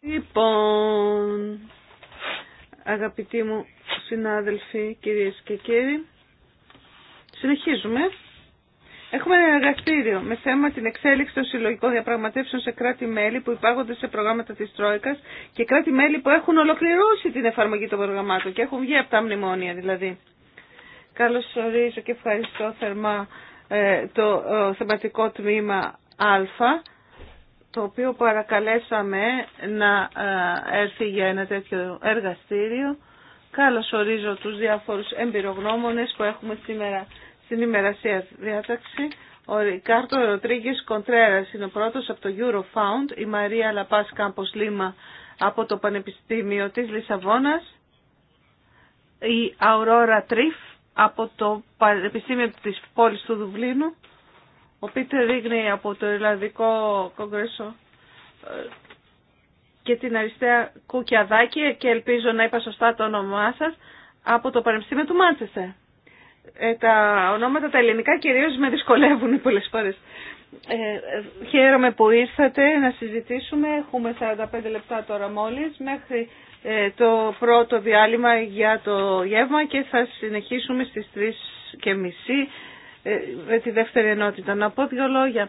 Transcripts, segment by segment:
Λοιπόν, αγαπητοί μου συνάδελφοι, κυρίες και κύριοι, συνεχίζουμε. Έχουμε ένα εργαστήριο με θέμα την εξέλιξη των συλλογικών διαπραγματεύσεων σε κράτη-μέλη που υπάγονται σε προγράμματα της Τρόικας και κράτη-μέλη που έχουν ολοκληρώσει την εφαρμογή των προγραμμάτων και έχουν βγει από τα μνημόνια δηλαδή. Καλώς ορίζω και ευχαριστώ θερμά ε, το ε, θεματικό τμήμα Α το οποίο παρακαλέσαμε να ε, έρθει για ένα τέτοιο εργαστήριο. Καλώς ορίζω τους διάφορους εμπειρογνώμονες που έχουμε σήμερα στην ημερασία διάταξη. Ο Ρικάρτο Ροτρίγκης Κοντρέρα, είναι ο πρώτος από το Eurofound, η Μαρία Λαπά Κάμπο Λίμα από το Πανεπιστήμιο της Λισαβόνας, η Αουρόρα Τρίφ από το Πανεπιστήμιο της Πόλη του Δουβλίνου ο Πίτερ Ρίγνη από το ελλαδικό Κόγκρεσο ε, και την αριστεία Κουκιαδάκη και ελπίζω να είπα σωστά το όνομά σας από το Πανεπιστήμιο του Μάντσεστερ. Ε, τα ονόματα τα ελληνικά κυρίως με δυσκολεύουν πολλές φορές. Ε, ε χαίρομαι που ήρθατε να συζητήσουμε. Έχουμε 45 λεπτά τώρα μόλις μέχρι το πρώτο διάλειμμα για το γεύμα και θα συνεχίσουμε στις 3.30. Ε, με τη δεύτερη ενότητα. Να πω δύο λόγια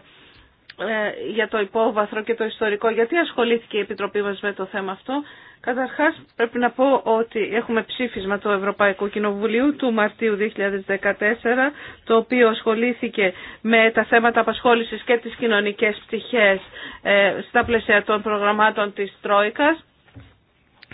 ε, για το υπόβαθρο και το ιστορικό. Γιατί ασχολήθηκε η Επιτροπή μας με το θέμα αυτό. Καταρχάς πρέπει να πω ότι έχουμε ψήφισμα του Ευρωπαϊκού Κοινοβουλίου του Μαρτίου 2014 το οποίο ασχολήθηκε με τα θέματα απασχόλησης και τις κοινωνικές πτυχές ε, στα πλαισία των προγραμμάτων της Τρόικας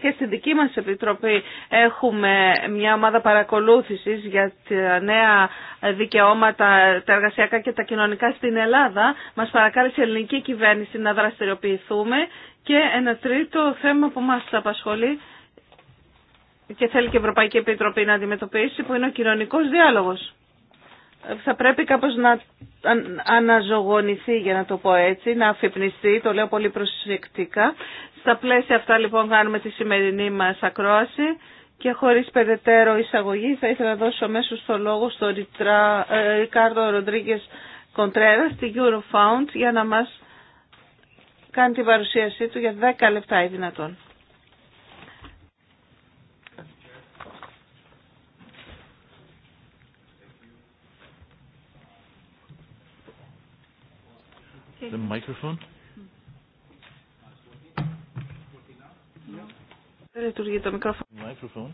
και στη δική μας Επιτροπή έχουμε μια ομάδα παρακολούθησης για τα νέα δικαιώματα, τα εργασιακά και τα κοινωνικά στην Ελλάδα. Μας παρακάλεσε η ελληνική κυβέρνηση να δραστηριοποιηθούμε και ένα τρίτο θέμα που μας απασχολεί και θέλει και η Ευρωπαϊκή Επιτροπή να αντιμετωπίσει που είναι ο κοινωνικός διάλογος θα πρέπει κάπως να αναζωογονηθεί, για να το πω έτσι, να αφυπνιστεί, το λέω πολύ προσεκτικά. Στα πλαίσια αυτά λοιπόν κάνουμε τη σημερινή μας ακρόαση και χωρίς περαιτέρω εισαγωγή θα ήθελα να δώσω μέσω το λόγο στον Ριτρά, ε, Ρικάρδο Ροντρίγκες Κοντρέρα στη Eurofound για να μας κάνει την παρουσίασή του για 10 λεπτά ή δυνατόν. The microphone. το Microphone.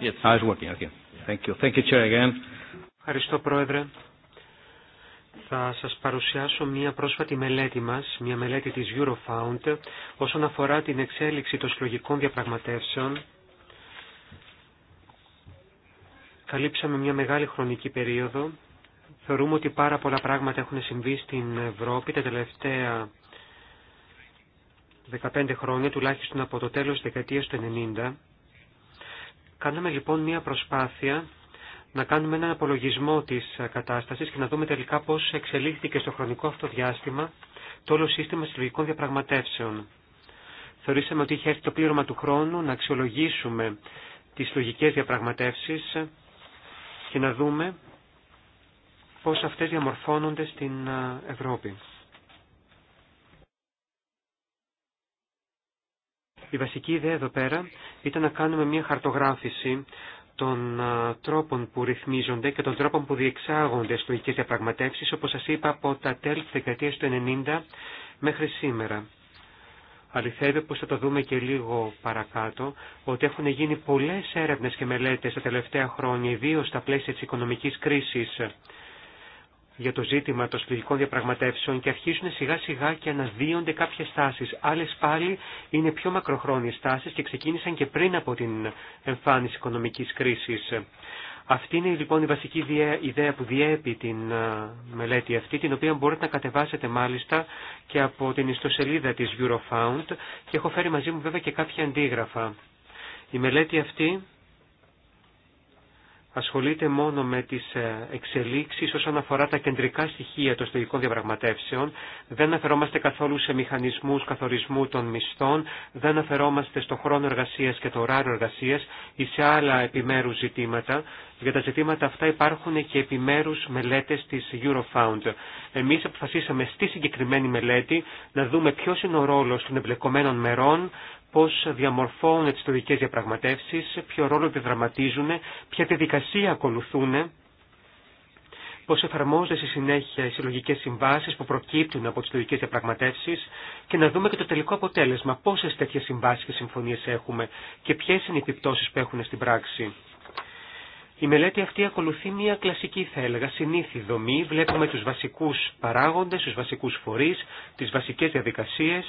Yes, it's working. Okay. Thank you. Thank you, Chair, again. Ευχαριστώ, Πρόεδρε. Θα σας παρουσιάσω μία πρόσφατη μελέτη μας, μία μελέτη της Eurofound, όσον αφορά την εξέλιξη των συλλογικών διαπραγματεύσεων. Καλύψαμε μία μεγάλη χρονική περίοδο Θεωρούμε ότι πάρα πολλά πράγματα έχουν συμβεί στην Ευρώπη τα τελευταία 15 χρόνια, τουλάχιστον από το τέλος της δεκαετίας του 1990. Κάναμε λοιπόν μία προσπάθεια να κάνουμε έναν απολογισμό της κατάστασης και να δούμε τελικά πώς εξελίχθηκε στο χρονικό αυτό διάστημα το όλο σύστημα συλλογικών διαπραγματεύσεων. Θεωρήσαμε ότι είχε έρθει το πλήρωμα του χρόνου να αξιολογήσουμε τις λογικές διαπραγματεύσεις και να δούμε πώς αυτές διαμορφώνονται στην ε, Ευρώπη. Η βασική ιδέα εδώ πέρα ήταν να κάνουμε μια χαρτογράφηση των ε, τρόπων που ρυθμίζονται και των τρόπων που διεξάγονται λογικές διαπραγματεύσεις, όπως σας είπα, από τα τέλη της δεκαετίας του 90 μέχρι σήμερα. Αληθεύει, όπως θα το δούμε και λίγο παρακάτω, ότι έχουν γίνει πολλές έρευνες και μελέτες τα τελευταία χρόνια, ιδίω στα πλαίσια της οικονομικής κρίσης, για το ζήτημα των συλλογικών διαπραγματεύσεων και αρχίζουν σιγά σιγά και αναδύονται κάποιες τάσεις. Άλλες πάλι είναι πιο μακροχρόνιες τάσεις και ξεκίνησαν και πριν από την εμφάνιση οικονομικής κρίσης. Αυτή είναι λοιπόν η βασική ιδέα που διέπει την ε, μελέτη αυτή, την οποία μπορείτε να κατεβάσετε μάλιστα και από την ιστοσελίδα της Eurofound και έχω φέρει μαζί μου βέβαια και κάποια αντίγραφα. Η μελέτη αυτή ασχολείται μόνο με τις ε, εξελίξεις όσον αφορά τα κεντρικά στοιχεία των στοιχικών διαπραγματεύσεων. Δεν αφαιρόμαστε καθόλου σε μηχανισμούς καθορισμού των μισθών, δεν αναφερόμαστε στο χρόνο εργασίας και το ωράριο εργασίας ή σε άλλα επιμέρους ζητήματα. Για τα ζητήματα αυτά υπάρχουν και επιμέρους μελέτες της Eurofound. Εμείς αποφασίσαμε στη συγκεκριμένη μελέτη να δούμε ποιος είναι ο ρόλος των εμπλεκομένων μερών, πώς διαμορφώνουν τις τουρκικές διαπραγματεύσεις, ποιο ρόλο επιδραματίζουν, ποια διαδικασία ακολουθούν, πώς εφαρμόζονται στη συνέχεια οι συλλογικές συμβάσεις που προκύπτουν από τις τουρκικές διαπραγματεύσεις και να δούμε και το τελικό αποτέλεσμα, πόσες τέτοιες συμβάσεις και συμφωνίες έχουμε και ποιες είναι οι επιπτώσεις που έχουν στην πράξη. Η μελέτη αυτή ακολουθεί μια κλασική, θα έλεγα, συνήθι δομή. Βλέπουμε τους βασικούς παράγοντε τους βασικούς φορείς, τις βασικές διαδικασίες,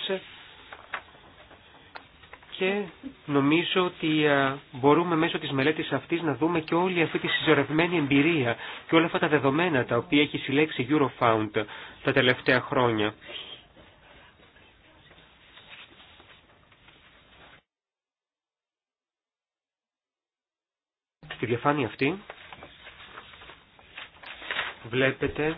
και νομίζω ότι ε, μπορούμε μέσω της μελέτης αυτής να δούμε και όλη αυτή τη συζορευμένη εμπειρία και όλα αυτά τα δεδομένα τα οποία έχει συλλέξει Eurofound τα τελευταία χρόνια. Στη διαφάνεια αυτή βλέπετε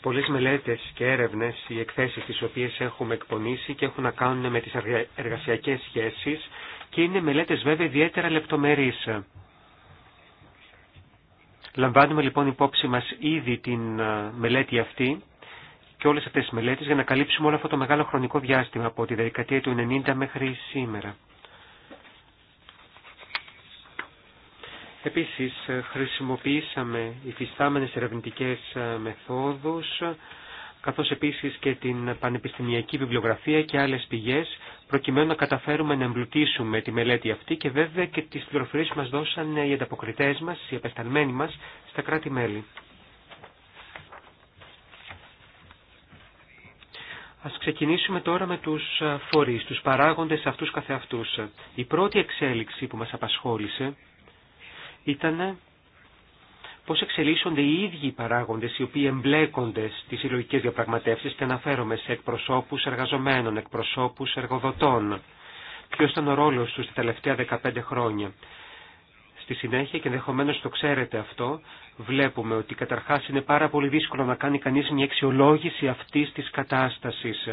πολλές μελέτες και έρευνες, οι εκθέσεις τις οποίες έχουμε εκπονήσει και έχουν να κάνουν με τις εργασιακές σχέσεις και είναι μελέτες βέβαια ιδιαίτερα λεπτομερείς. Λαμβάνουμε λοιπόν υπόψη μας ήδη την ε, μελέτη αυτή και όλες αυτές τις μελέτες για να καλύψουμε όλο αυτό το μεγάλο χρονικό διάστημα από τη δεκαετία του 90 μέχρι σήμερα. Επίσης, ε, χρησιμοποιήσαμε υφιστάμενες ερευνητικές ε, μεθόδους, καθώς επίσης και την πανεπιστημιακή βιβλιογραφία και άλλες πηγές, προκειμένου να καταφέρουμε να εμπλουτίσουμε τη μελέτη αυτή και βέβαια και τις πληροφορίες μας δώσαν οι ανταποκριτές μας, οι απεσταλμένοι μας, στα κράτη-μέλη. Ας ξεκινήσουμε τώρα με τους ε, φορείς, τους παράγοντες αυτούς καθεαυτούς. Η πρώτη εξέλιξη που μας απασχόλησε ήταν πώς εξελίσσονται οι ίδιοι οι παράγοντες οι οποίοι εμπλέκονται στις συλλογικέ διαπραγματεύσεις και αναφέρομαι σε εκπροσώπους εργαζομένων, εκπροσώπους εργοδοτών. Ποιο ήταν ο ρόλος τους τα τελευταία 15 χρόνια. Στη συνέχεια, και ενδεχομένω το ξέρετε αυτό, βλέπουμε ότι καταρχάς είναι πάρα πολύ δύσκολο να κάνει κανείς μια αξιολόγηση αυτής της κατάστασης.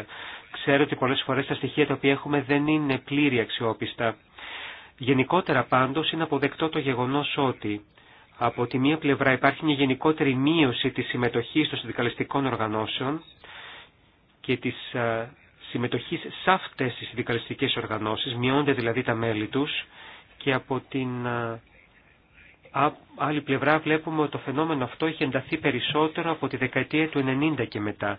Ξέρω ότι πολλές φορές τα στοιχεία τα οποία έχουμε δεν είναι πλήρη αξιόπιστα. Γενικότερα πάντως είναι αποδεκτό το γεγονός ότι από τη μία πλευρά υπάρχει μια γενικότερη μείωση της συμμετοχής των συνδικαλιστικών οργανώσεων και της ε, συμμετοχής σε αυτές τις συνδικαλιστικές οργανώσεις, μειώνται δηλαδή τα μέλη τους και από την ε, άλλη πλευρά βλέπουμε ότι το φαινόμενο αυτό έχει ενταθεί περισσότερο από τη δεκαετία του 90 και μετά.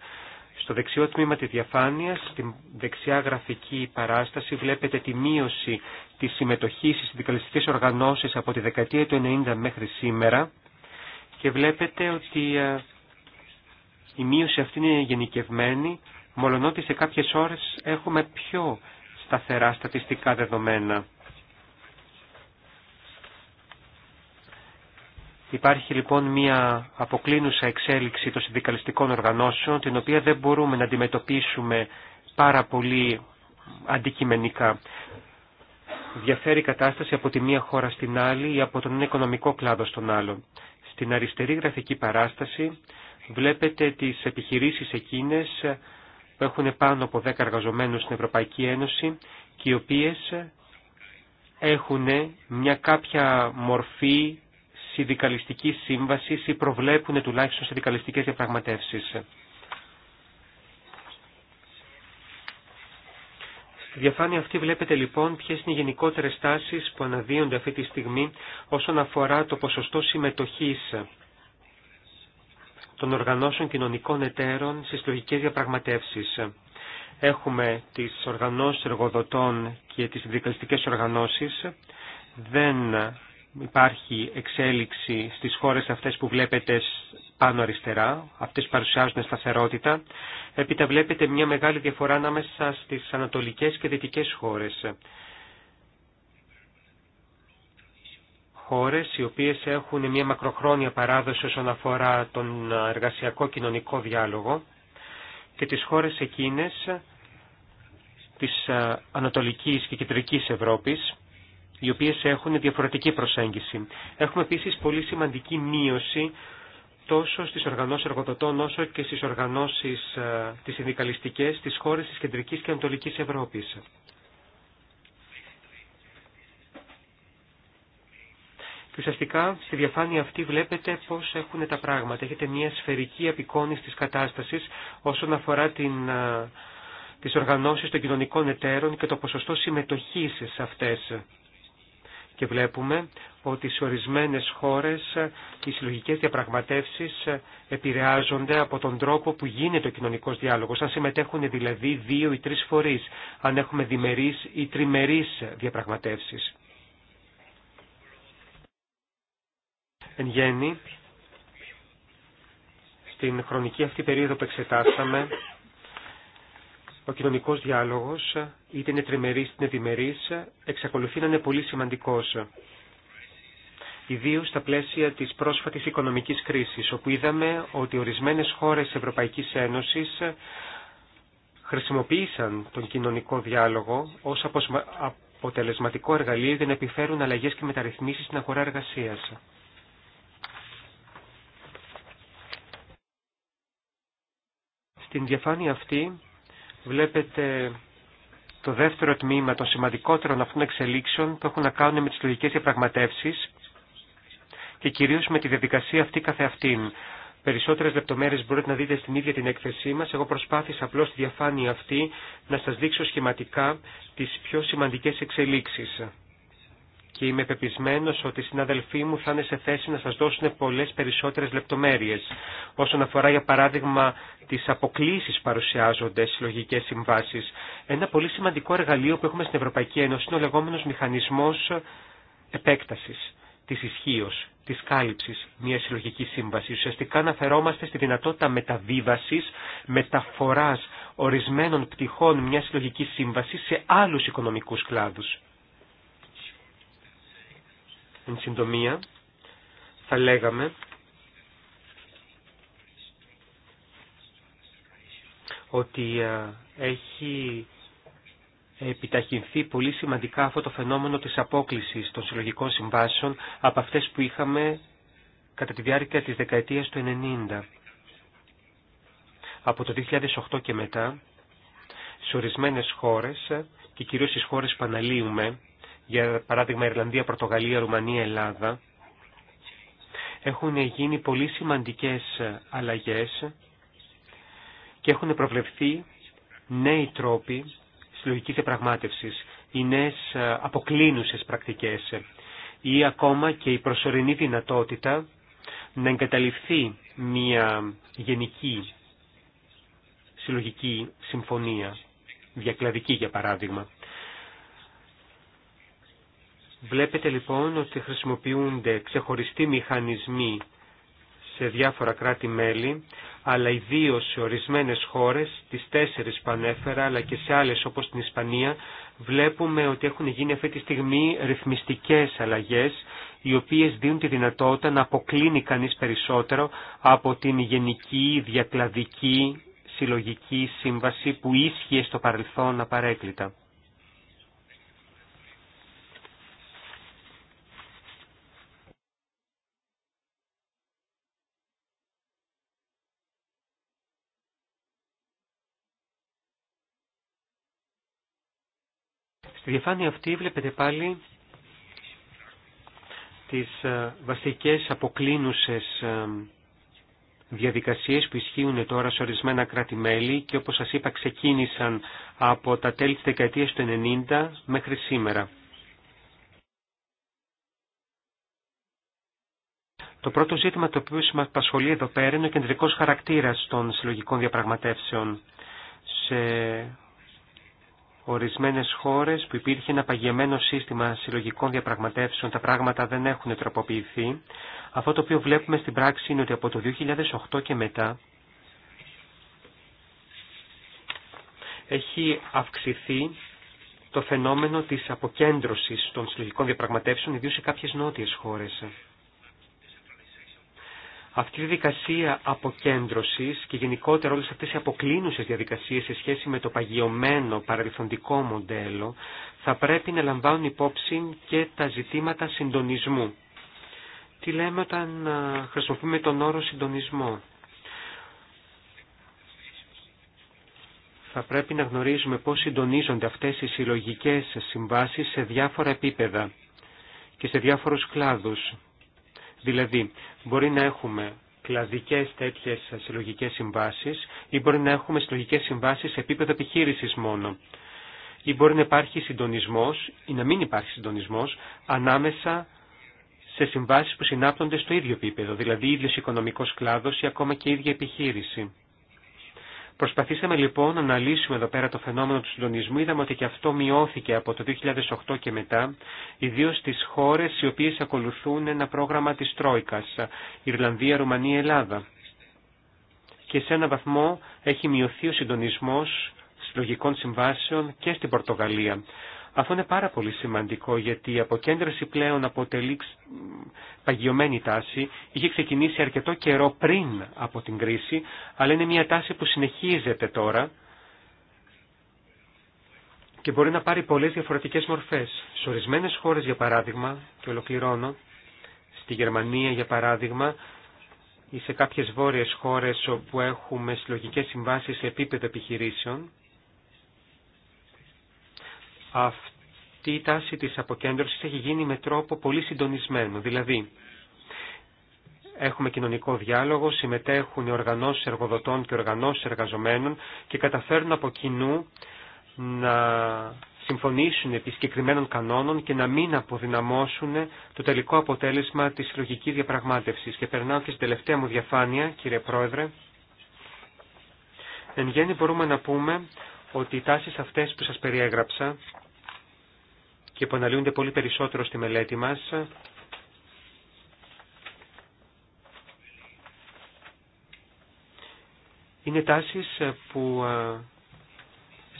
Στο δεξιό τμήμα τη διαφάνειας, στην δεξιά γραφική παράσταση, βλέπετε τη μείωση τη συμμετοχής στις συνδικαλιστικές οργανώσεις από τη δεκαετία του 90 μέχρι σήμερα και βλέπετε ότι ε, η μείωση αυτή είναι γενικευμένη, μολονότι σε κάποιες ώρες έχουμε πιο σταθερά στατιστικά δεδομένα. Υπάρχει λοιπόν μια αποκλίνουσα εξέλιξη των συνδικαλιστικών οργανώσεων, την οποία δεν μπορούμε να αντιμετωπίσουμε πάρα πολύ αντικειμενικά. Διαφέρει η κατάσταση από τη μία χώρα στην άλλη ή από τον οικονομικό κλάδο στον άλλο. Στην αριστερή γραφική παράσταση βλέπετε τις επιχειρήσεις εκείνες που έχουν πάνω από 10 εργαζομένους στην Ευρωπαϊκή Ένωση και οι οποίες έχουν μια κάποια μορφή συνδικαλιστική σύμβαση ή προβλέπουν τουλάχιστον συνδικαλιστικές διαπραγματεύσεις. Στη διαφάνεια αυτή βλέπετε λοιπόν ποιε είναι οι γενικότερε τάσει που αναδύονται αυτή τη στιγμή όσον αφορά το ποσοστό συμμετοχή των οργανώσεων κοινωνικών εταίρων στι λογικέ διαπραγματεύσει. Έχουμε τι οργανώσει εργοδοτών και τι συνδικαλιστικέ οργανώσει. Δεν υπάρχει εξέλιξη στις χώρες αυτές που βλέπετε πάνω αριστερά, αυτές που παρουσιάζουν σταθερότητα. Έπειτα βλέπετε μια μεγάλη διαφορά ανάμεσα στις ανατολικές και δυτικές χώρες. Χώρες οι οποίες έχουν μια μακροχρόνια παράδοση όσον αφορά τον εργασιακό κοινωνικό διάλογο και τις χώρες εκείνες της ε, Ανατολικής και Κεντρικής Ευρώπης οι οποίες έχουν διαφορετική προσέγγιση. Έχουμε επίσης πολύ σημαντική μείωση τόσο στις οργανώσεις εργοδοτών όσο και στις οργανώσεις ε, τις συνδικαλιστικές στις χώρες της Κεντρικής και Ανατολικής Ευρώπης. Και ουσιαστικά στη διαφάνεια αυτή βλέπετε πώς έχουν τα πράγματα. Έχετε μια σφαιρική απεικόνηση τη κατάσταση όσον αφορά την, ε, τις οργανώσεις των κοινωνικών εταίρων και το ποσοστό συμμετοχής σε αυτές και βλέπουμε ότι σε ορισμένες χώρες οι συλλογικές διαπραγματεύσεις επηρεάζονται από τον τρόπο που γίνεται ο κοινωνικός διάλογος, αν συμμετέχουν δηλαδή δύο ή τρεις φορείς, αν έχουμε διμερείς ή τριμερείς διαπραγματεύσεις. Εν γέννη, στην χρονική αυτή περίοδο που εξετάσαμε, ο κοινωνικός διάλογος είτε είναι τριμερή είτε είναι διμερή, εξακολουθεί να είναι πολύ σημαντικό. Ιδίω στα πλαίσια τη πρόσφατη οικονομική κρίση. όπου είδαμε ότι ορισμένες χώρες Ευρωπαϊκής Ένωση χρησιμοποίησαν τον κοινωνικό διάλογο ω αποτελεσματικό εργαλείο για να επιφέρουν αλλαγέ και μεταρρυθμίσεις στην αγορά εργασία. Στην διαφάνεια αυτή βλέπετε το δεύτερο τμήμα των σημαντικότερων αυτών εξελίξεων που έχουν να κάνουν με τις λογικές διαπραγματεύσει και κυρίως με τη διαδικασία αυτή καθεαυτήν. Περισσότερες λεπτομέρειες μπορείτε να δείτε στην ίδια την έκθεσή μας. Εγώ προσπάθησα απλώς στη διαφάνεια αυτή να σας δείξω σχηματικά τις πιο σημαντικές εξελίξεις και είμαι πεπισμένο ότι οι συναδελφοί μου θα είναι σε θέση να σα δώσουν πολλέ περισσότερε λεπτομέρειε όσον αφορά για παράδειγμα τις αποκλήσεις παρουσιάζονται συλλογικέ συμβάσει. Ένα πολύ σημαντικό εργαλείο που έχουμε στην Ευρωπαϊκή Ένωση είναι ο λεγόμενο μηχανισμό επέκταση, τη ισχύω, τη κάλυψης μια συλλογική σύμβαση. Ουσιαστικά αναφερόμαστε στη δυνατότητα μεταβίβαση, μεταφορά ορισμένων πτυχών μια συλλογική σύμβαση σε άλλου οικονομικού κλάδου. Εν συντομία, θα λέγαμε ότι ε, έχει επιταχυνθεί πολύ σημαντικά αυτό το φαινόμενο της απόκλησης των συλλογικών συμβάσεων από αυτές που είχαμε κατά τη διάρκεια της δεκαετίας του 90. Από το 2008 και μετά, σε ορισμένες χώρες και κυρίως στις χώρες που αναλύουμε, για παράδειγμα Ιρλανδία, Πορτογαλία, Ρουμανία, Ελλάδα, έχουν γίνει πολύ σημαντικές αλλαγές και έχουν προβλεφθεί νέοι τρόποι συλλογικής διαπραγμάτευσης, οι νέες αποκλίνουσες πρακτικές ή ακόμα και η προσωρινή δυνατότητα να εγκαταληφθεί μια γενική συλλογική συμφωνία, διακλαδική για παράδειγμα. Βλέπετε λοιπόν ότι χρησιμοποιούνται ξεχωριστοί μηχανισμοί σε διάφορα κράτη-μέλη, αλλά ιδίω σε ορισμένες χώρες, τις τέσσερις ανέφερα αλλά και σε άλλες όπως την Ισπανία, βλέπουμε ότι έχουν γίνει αυτή τη στιγμή ρυθμιστικές αλλαγές, οι οποίες δίνουν τη δυνατότητα να αποκλίνει κανείς περισσότερο από την γενική διακλαδική συλλογική σύμβαση που ίσχυε στο παρελθόν απαρέκλητα. Στη διαφάνεια αυτή βλέπετε πάλι τις ε, βασικές αποκλίνουσες ε, διαδικασίες που ισχύουν τώρα σε ορισμένα κράτη-μέλη και όπως σας είπα ξεκίνησαν από τα τέλη της δεκαετίας του 1990 μέχρι σήμερα. Το πρώτο ζήτημα το οποίο μας απασχολεί εδώ πέρα είναι ο κεντρικός χαρακτήρας των συλλογικών διαπραγματεύσεων. Σε ορισμένες χώρες που υπήρχε ένα παγιεμένο σύστημα συλλογικών διαπραγματεύσεων, τα πράγματα δεν έχουν τροποποιηθεί. Αυτό το οποίο βλέπουμε στην πράξη είναι ότι από το 2008 και μετά έχει αυξηθεί το φαινόμενο της αποκέντρωσης των συλλογικών διαπραγματεύσεων, ιδίως σε κάποιες νότιες χώρες. Αυτή η διαδικασία αποκέντρωσης και γενικότερα όλες αυτές οι αποκλίνουσες διαδικασίες σε σχέση με το παγιωμένο παρελθοντικό μοντέλο θα πρέπει να λαμβάνουν υπόψη και τα ζητήματα συντονισμού. Τι λέμε όταν χρησιμοποιούμε τον όρο συντονισμό. θα πρέπει να γνωρίζουμε πώς συντονίζονται αυτές οι συλλογικές συμβάσεις σε διάφορα επίπεδα και σε διάφορους κλάδους. Δηλαδή, μπορεί να έχουμε κλαδικές τέτοιες συλλογικές συμβάσεις ή μπορεί να έχουμε συλλογικές συμβάσεις σε επίπεδο επιχείρησης μόνο. Ή μπορεί να υπάρχει συντονισμός ή να μην υπάρχει συντονισμός ανάμεσα σε συμβάσεις που συνάπτονται στο ίδιο επίπεδο, δηλαδή ίδιος οικονομικός κλάδος ή ακόμα και ίδια επιχείρηση. Προσπαθήσαμε λοιπόν να αναλύσουμε εδώ πέρα το φαινόμενο του συντονισμού. Είδαμε ότι και αυτό μειώθηκε από το 2008 και μετά, ιδίως στις χώρες οι οποίες ακολουθούν ένα πρόγραμμα της Τρόικας, Ιρλανδία, Ρουμανία, Ελλάδα. Και σε έναν βαθμό έχει μειωθεί ο συντονισμός συλλογικών συμβάσεων και στην Πορτογαλία. Αυτό είναι πάρα πολύ σημαντικό γιατί η αποκέντρωση πλέον αποτελεί παγιωμένη τάση. Είχε ξεκινήσει αρκετό καιρό πριν από την κρίση, αλλά είναι μια τάση που συνεχίζεται τώρα και μπορεί να πάρει πολλές διαφορετικές μορφές. Σε ορισμένες χώρες, για παράδειγμα, και ολοκληρώνω, στη Γερμανία, για παράδειγμα, ή σε κάποιες βόρειες χώρες όπου έχουμε συλλογικές συμβάσεις σε επίπεδο επιχειρήσεων, η τάση της αποκέντρωσης έχει γίνει με τρόπο πολύ συντονισμένο. Δηλαδή, έχουμε κοινωνικό διάλογο, συμμετέχουν οι οργανώσεις εργοδοτών και οργανώσεις εργαζομένων και καταφέρνουν από κοινού να συμφωνήσουν επί συγκεκριμένων κανόνων και να μην αποδυναμώσουν το τελικό αποτέλεσμα της συλλογική διαπραγμάτευσης. Και περνάω και στην τελευταία μου διαφάνεια, κύριε Πρόεδρε. Εν γέννη μπορούμε να πούμε ότι οι τάσεις αυτές που σας περιέγραψα και που αναλύονται πολύ περισσότερο στη μελέτη μας. Είναι τάσεις που ε,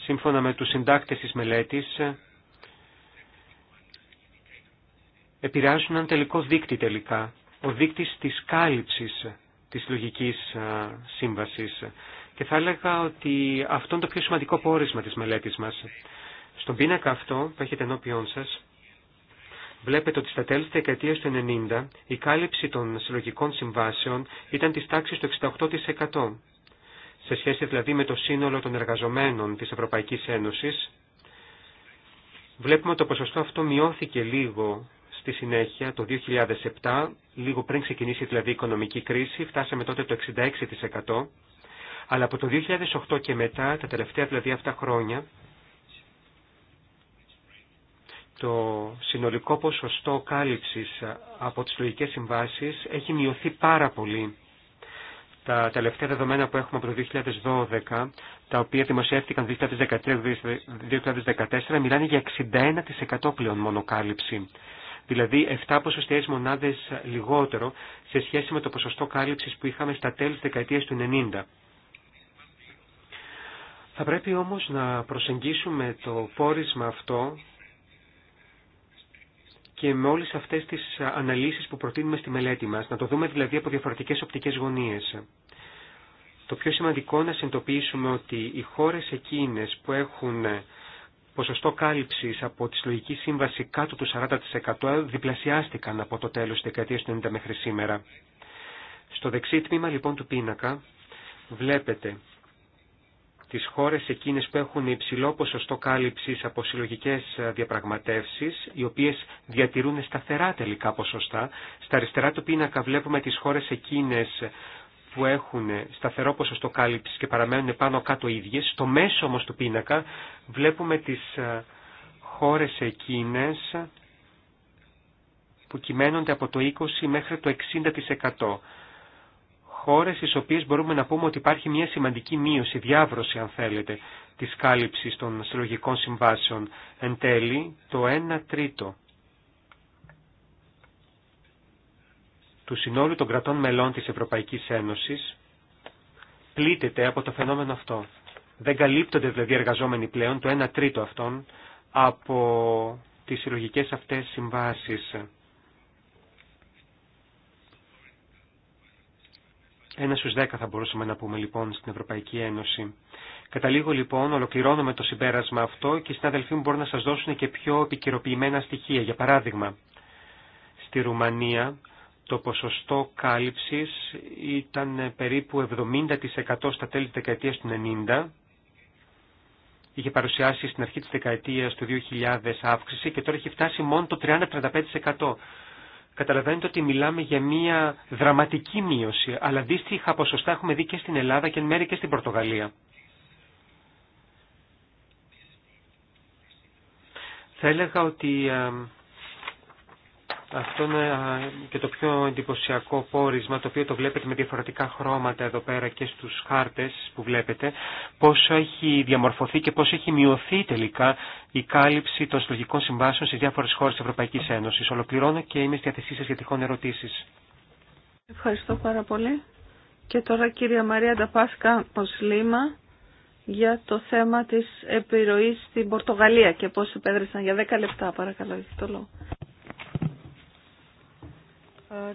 σύμφωνα με τους συντάκτες της μελέτης επηρεάζουν έναν τελικό δείκτη τελικά, ο δείκτης της κάλυψης της λογικής ε, σύμβασης. Και θα έλεγα ότι αυτό είναι το πιο σημαντικό πόρισμα της μελέτης μας. Στον πίνακα αυτό που έχετε ενώπιόν σα, βλέπετε ότι στα τέλη τη δεκαετία του 90 η κάλυψη των συλλογικών συμβάσεων ήταν τη τάξη του 68%. Σε σχέση δηλαδή με το σύνολο των εργαζομένων τη Ευρωπαϊκή Ένωση. βλέπουμε ότι το ποσοστό αυτό μειώθηκε λίγο στη συνέχεια το 2007, λίγο πριν ξεκινήσει δηλαδή η οικονομική κρίση, φτάσαμε τότε το 66%. Αλλά από το 2008 και μετά, τα τελευταία δηλαδή αυτά χρόνια, το συνολικό ποσοστό κάλυψης από τις λογικές συμβάσεις έχει μειωθεί πάρα πολύ. Τα τελευταία δεδομένα που έχουμε από το 2012, τα οποία δημοσιεύτηκαν 2013-2014, μιλάνε για 61% πλέον μονοκάλυψη. Δηλαδή 7 ποσοστιαίες μονάδες λιγότερο σε σχέση με το ποσοστό κάλυψης που είχαμε στα τέλη της δεκαετίας του 90. Θα πρέπει όμως να προσεγγίσουμε το πόρισμα αυτό και με όλες αυτές τις αναλύσεις που προτείνουμε στη μελέτη μας, να το δούμε δηλαδή από διαφορετικές οπτικές γωνίες. Το πιο σημαντικό να συνειδητοποιήσουμε ότι οι χώρες εκείνες που έχουν ποσοστό κάλυψης από τη συλλογική σύμβαση κάτω του 40% διπλασιάστηκαν από το τέλος της δεκαετίας του 90 μέχρι σήμερα. Στο δεξί τμήμα λοιπόν του πίνακα βλέπετε τις χώρες εκείνες που έχουν υψηλό ποσοστό κάλυψης από συλλογικέ ε, διαπραγματεύσεις, οι οποίες διατηρούν σταθερά τελικά ποσοστά. Στα αριστερά του πίνακα βλέπουμε τις χώρες εκείνες που έχουν σταθερό ποσοστό κάλυψης και παραμένουν πάνω κάτω ίδιες. Στο μέσο όμως του πίνακα βλέπουμε τις ε, χώρες εκείνες που κυμαίνονται από το 20 μέχρι το 60% χώρες στις οποίες μπορούμε να πούμε ότι υπάρχει μια σημαντική μείωση, διάβρωση αν θέλετε, της κάλυψης των συλλογικών συμβάσεων. Εν τέλει, το 1 τρίτο του συνόλου των κρατών μελών της Ευρωπαϊκής Ένωσης πλήττεται από το φαινόμενο αυτό. Δεν καλύπτονται δηλαδή εργαζόμενοι πλέον το 1 τρίτο αυτών από τις συλλογικές αυτές συμβάσεις. Ένα στου δέκα θα μπορούσαμε να πούμε λοιπόν στην Ευρωπαϊκή Ένωση. Καταλήγω λοιπόν, ολοκληρώνω με το συμπέρασμα αυτό και οι συναδελφοί μου μπορούν να σα δώσουν και πιο επικαιροποιημένα στοιχεία. Για παράδειγμα, στη Ρουμανία το ποσοστό κάλυψη ήταν περίπου 70% στα τέλη τη δεκαετία του 90. Είχε παρουσιάσει στην αρχή τη δεκαετία του 2000 αύξηση και τώρα έχει φτάσει μόνο το 30-35%. Καταλαβαίνετε ότι μιλάμε για μια δραματική μείωση, αλλά αντίστοιχα ποσοστά έχουμε δει και στην Ελλάδα και εν μέρει και στην Πορτογαλία. Θα έλεγα ότι ε, αυτό είναι και το πιο εντυπωσιακό πόρισμα, το οποίο το βλέπετε με διαφορετικά χρώματα εδώ πέρα και στους χάρτες που βλέπετε, πώς έχει διαμορφωθεί και πώς έχει μειωθεί τελικά η κάλυψη των συλλογικών συμβάσεων στις διάφορες χώρες της Ευρωπαϊκής Ένωσης. Ολοκληρώνω και είμαι στη διαθεσή σας για τυχόν ερωτήσεις. Ευχαριστώ πάρα πολύ. Και τώρα κυρία Μαρία Νταπάσκα Μοσλήμα για το θέμα της επιρροής στην Πορτογαλία και πώς επέδρεσαν για 10 λεπτά παρακαλώ. Το λόγο. Ε,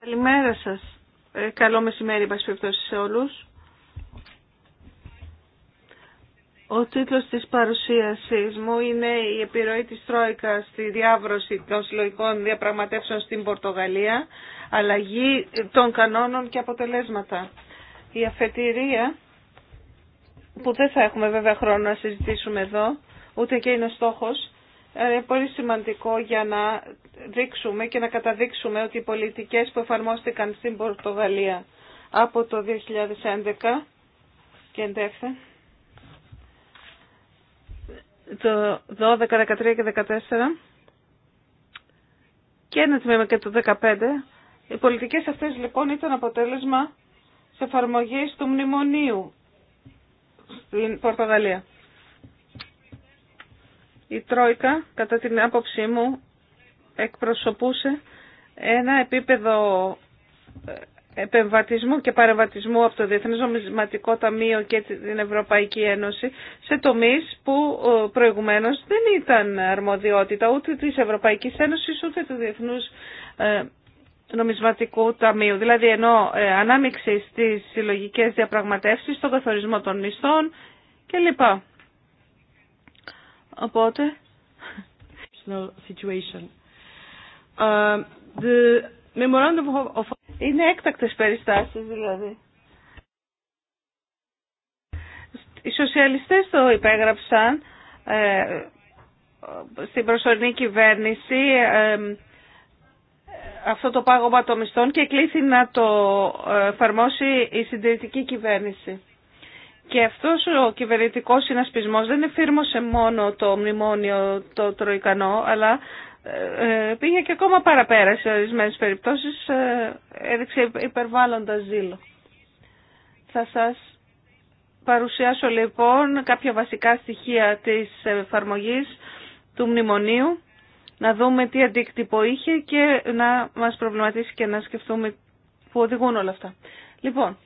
Καλημέρα σας. Ε, καλό μεσημέρι, μα σε όλους. Ο τίτλος της παρουσίασής μου είναι «Η επιρροή της Τρόικα στη διάβρωση των συλλογικών διαπραγματεύσεων στην Πορτογαλία, αλλαγή των κανόνων και αποτελέσματα». Η αφετηρία, που δεν θα έχουμε βέβαια χρόνο να συζητήσουμε εδώ, ούτε και είναι στόχος, είναι πολύ σημαντικό για να δείξουμε και να καταδείξουμε ότι οι πολιτικές που εφαρμόστηκαν στην Πορτογαλία από το 2011 και εντεύθυν το 12, και 14 και ένα τμήμα και το 15. Οι πολιτικές αυτές λοιπόν ήταν αποτέλεσμα σε εφαρμογή του μνημονίου στην Πορτογαλία η Τρόικα, κατά την άποψή μου, εκπροσωπούσε ένα επίπεδο ε, επεμβατισμού και παρεμβατισμού από το Διεθνές Νομισματικό Ταμείο και την Ευρωπαϊκή Ένωση σε τομείς που ε, προηγουμένως δεν ήταν αρμοδιότητα ούτε της Ευρωπαϊκής Ένωσης ούτε του Διεθνούς ε, Νομισματικού Ταμείου. Δηλαδή ενώ ανάμειξη στις συλλογικές διαπραγματεύσεις, στον καθορισμό των μισθών κλπ. Οπότε... Situation. Uh, ε, the memorandum of... Είναι έκτακτες περιστάσεις δηλαδή. Οι σοσιαλιστές το υπέγραψαν ε, στην προσωρινή κυβέρνηση ε, αυτό το πάγωμα των μισθών και κλείθη να το εφαρμόσει η συντηρητική κυβέρνηση. Και αυτός ο κυβερνητικό συνασπισμός δεν εφήρμοσε μόνο το μνημόνιο το τροικανό, αλλά ε, ε, πήγε και ακόμα παραπέρα σε ορισμένε περιπτώσεις, ε, έδειξε υπερβάλλοντα ζήλο. Θα σας παρουσιάσω λοιπόν κάποια βασικά στοιχεία της εφαρμογή του μνημονίου, να δούμε τι αντίκτυπο είχε και να μας προβληματίσει και να σκεφτούμε που οδηγούν όλα αυτά. Λοιπόν,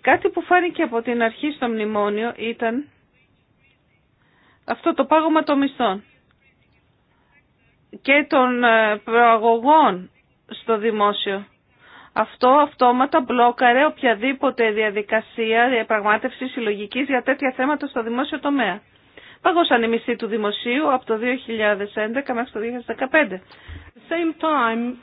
Κάτι που φάνηκε από την αρχή στο μνημόνιο ήταν αυτό το πάγωμα των μισθών και των ε, προαγωγών στο δημόσιο. Αυτό αυτόματα μπλόκαρε οποιαδήποτε διαδικασία διαπραγμάτευση συλλογική για τέτοια θέματα στο δημόσιο τομέα παγώσαν οι μισθοί του δημοσίου από το 2011 μέχρι το 2015. time,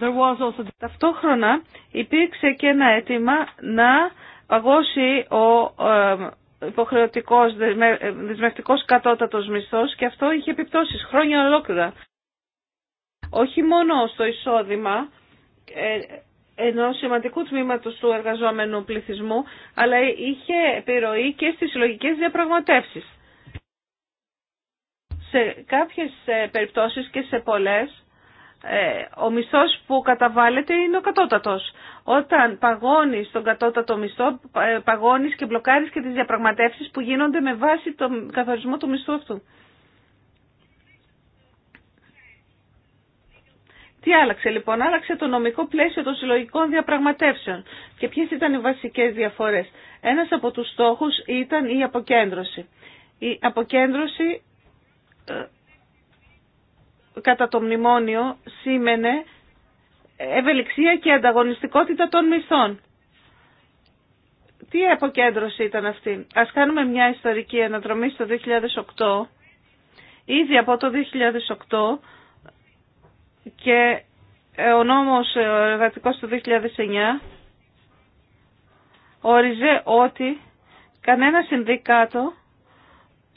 uh, Ταυτόχρονα υπήρξε και ένα αίτημα να παγώσει ο uh, υποχρεωτικός ε, δεσμευτικός κατώτατος μισθός και αυτό είχε επιπτώσεις χρόνια ολόκληρα. Όχι μόνο στο εισόδημα ε, ενό σημαντικού τμήματος του εργαζόμενου πληθυσμού, αλλά είχε επιρροή και στις συλλογικές διαπραγματεύσεις. Σε κάποιες ε, περιπτώσεις και σε πολλές, ε, ο μισθός που καταβάλλεται είναι ο κατώτατος. Όταν παγώνεις τον κατώτατο μισθό, ε, παγώνεις και μπλοκάρεις και τις διαπραγματεύσεις που γίνονται με βάση τον καθορισμό του μισθού αυτού. Τι άλλαξε λοιπόν, άλλαξε το νομικό πλαίσιο των συλλογικών διαπραγματεύσεων. Και ποιες ήταν οι βασικές διαφορές. Ένας από τους στόχους ήταν η αποκέντρωση. Η αποκέντρωση ε, κατά το μνημόνιο σήμαινε ευελιξία και ανταγωνιστικότητα των μισθών. Τι αποκέντρωση ήταν αυτή. Ας κάνουμε μια ιστορική αναδρομή στο 2008. Ήδη από το 2008 και ε, ο νόμος ε, εργατικός του 2009 όριζε ότι κανένα συνδικάτο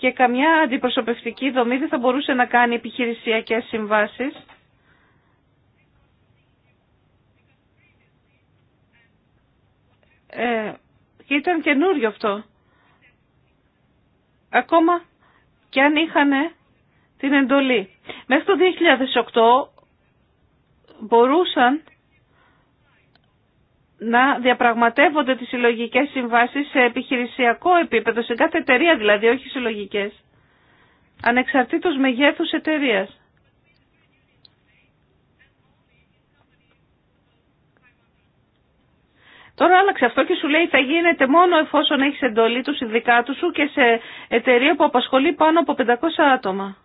και καμιά αντιπροσωπευτική δομή δεν θα μπορούσε να κάνει επιχειρησιακές συμβάσεις. Ε, και ήταν καινούριο αυτό. Ακόμα και αν είχαν την εντολή. Μέχρι το 2008 μπορούσαν να διαπραγματεύονται τις συλλογικές συμβάσεις σε επιχειρησιακό επίπεδο, σε κάθε εταιρεία δηλαδή, όχι συλλογικές, ανεξαρτήτως μεγέθους εταιρεία. Τώρα άλλαξε αυτό και σου λέει θα γίνεται μόνο εφόσον έχεις εντολή του συνδικάτου σου και σε εταιρεία που απασχολεί πάνω από 500 άτομα.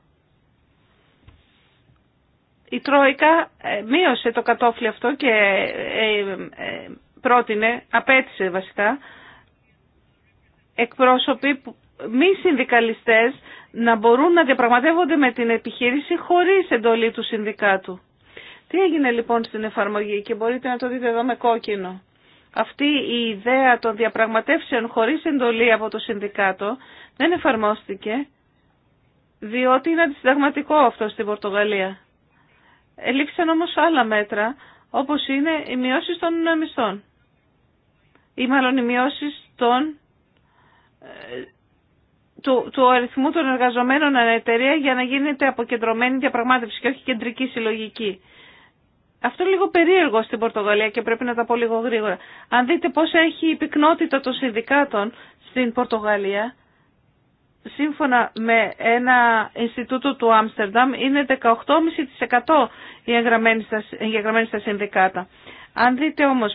Η Τρόικα ε, μείωσε το κατόφλι αυτό και ε, ε, πρότεινε, απέτησε βασικά, εκπρόσωποι μη συνδικαλιστές να μπορούν να διαπραγματεύονται με την επιχείρηση χωρίς εντολή του συνδικάτου. Τι έγινε λοιπόν στην εφαρμογή και μπορείτε να το δείτε εδώ με κόκκινο. Αυτή η ιδέα των διαπραγματεύσεων χωρίς εντολή από το συνδικάτο δεν εφαρμόστηκε διότι είναι αντισυνταγματικό αυτό στην Πορτογαλία. Ελήφθησαν όμως άλλα μέτρα όπως είναι οι μειώσεις των μισθών ή μάλλον οι μειώσει ε, του, αριθμού των εργαζομένων εταιρεία για να γίνεται αποκεντρωμένη διαπραγμάτευση και όχι κεντρική συλλογική. Αυτό είναι λίγο περίεργο στην Πορτογαλία και πρέπει να τα πω λίγο γρήγορα. Αν δείτε πόσα έχει η πυκνότητα των συνδικάτων στην Πορτογαλία, σύμφωνα με ένα Ινστιτούτο του Άμστερνταμ, είναι 18,5% οι εγγραμμένοι στα συνδικάτα. Αν δείτε όμως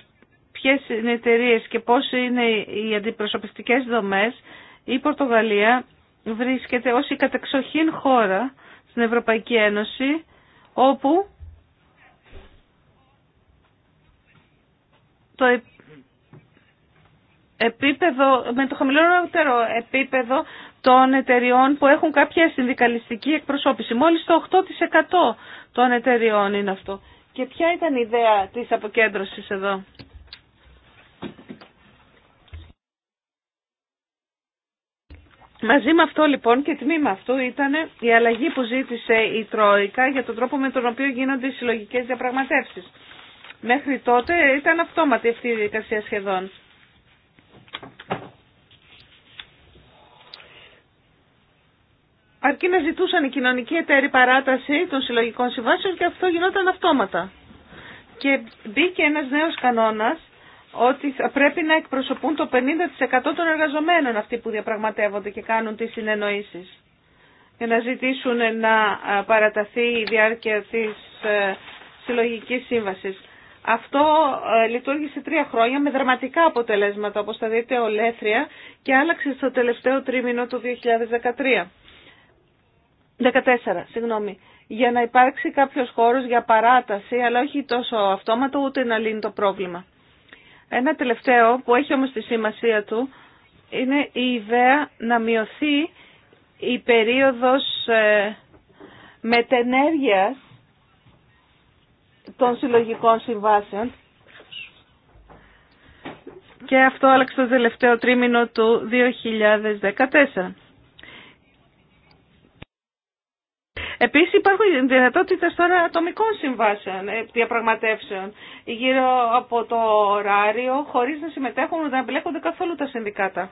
ποιες είναι οι εταιρείε και πώς είναι οι αντιπροσωπευτικές δομές, η Πορτογαλία βρίσκεται ως η κατεξοχήν χώρα στην Ευρωπαϊκή Ένωση όπου το επίπεδο, με το χαμηλότερο επίπεδο των εταιριών που έχουν κάποια συνδικαλιστική εκπροσώπηση. Μόλις το 8% των εταιριών είναι αυτό. Και ποια ήταν η ιδέα της αποκέντρωσης εδώ. Μαζί με αυτό λοιπόν και τμήμα αυτού ήταν η αλλαγή που ζήτησε η Τρόικα για τον τρόπο με τον οποίο γίνονται οι συλλογικέ διαπραγματεύσει. Μέχρι τότε ήταν αυτόματη αυτή η διαδικασία σχεδόν. Αρκεί να ζητούσαν οι κοινωνικοί εταίροι παράταση των συλλογικών συμβάσεων και αυτό γινόταν αυτόματα. Και μπήκε ένας νέος κανόνας ότι θα πρέπει να εκπροσωπούν το 50% των εργαζομένων αυτοί που διαπραγματεύονται και κάνουν τις συνεννοήσεις για να ζητήσουν να παραταθεί η διάρκεια της ε, συλλογικής σύμβασης. Αυτό ε, λειτουργήσε τρία χρόνια με δραματικά αποτελέσματα, όπως θα δείτε ολέθρια, και άλλαξε στο τελευταίο τρίμηνο του 2013. 14, συγγνώμη, για να υπάρξει κάποιος χώρος για παράταση, αλλά όχι τόσο αυτόματο ούτε να λύνει το πρόβλημα. Ένα τελευταίο που έχει όμως τη σημασία του είναι η ιδέα να μειωθεί η περίοδος ε, μετενέργειας των συλλογικών συμβάσεων. Και αυτό άλλαξε το τελευταίο τρίμηνο του 2014. Επίσης υπάρχουν δυνατότητες τώρα ατομικών συμβάσεων, ε, διαπραγματεύσεων γύρω από το ωράριο χωρί να συμμετέχουν ούτε να εμπλέκονται καθόλου τα συνδικάτα.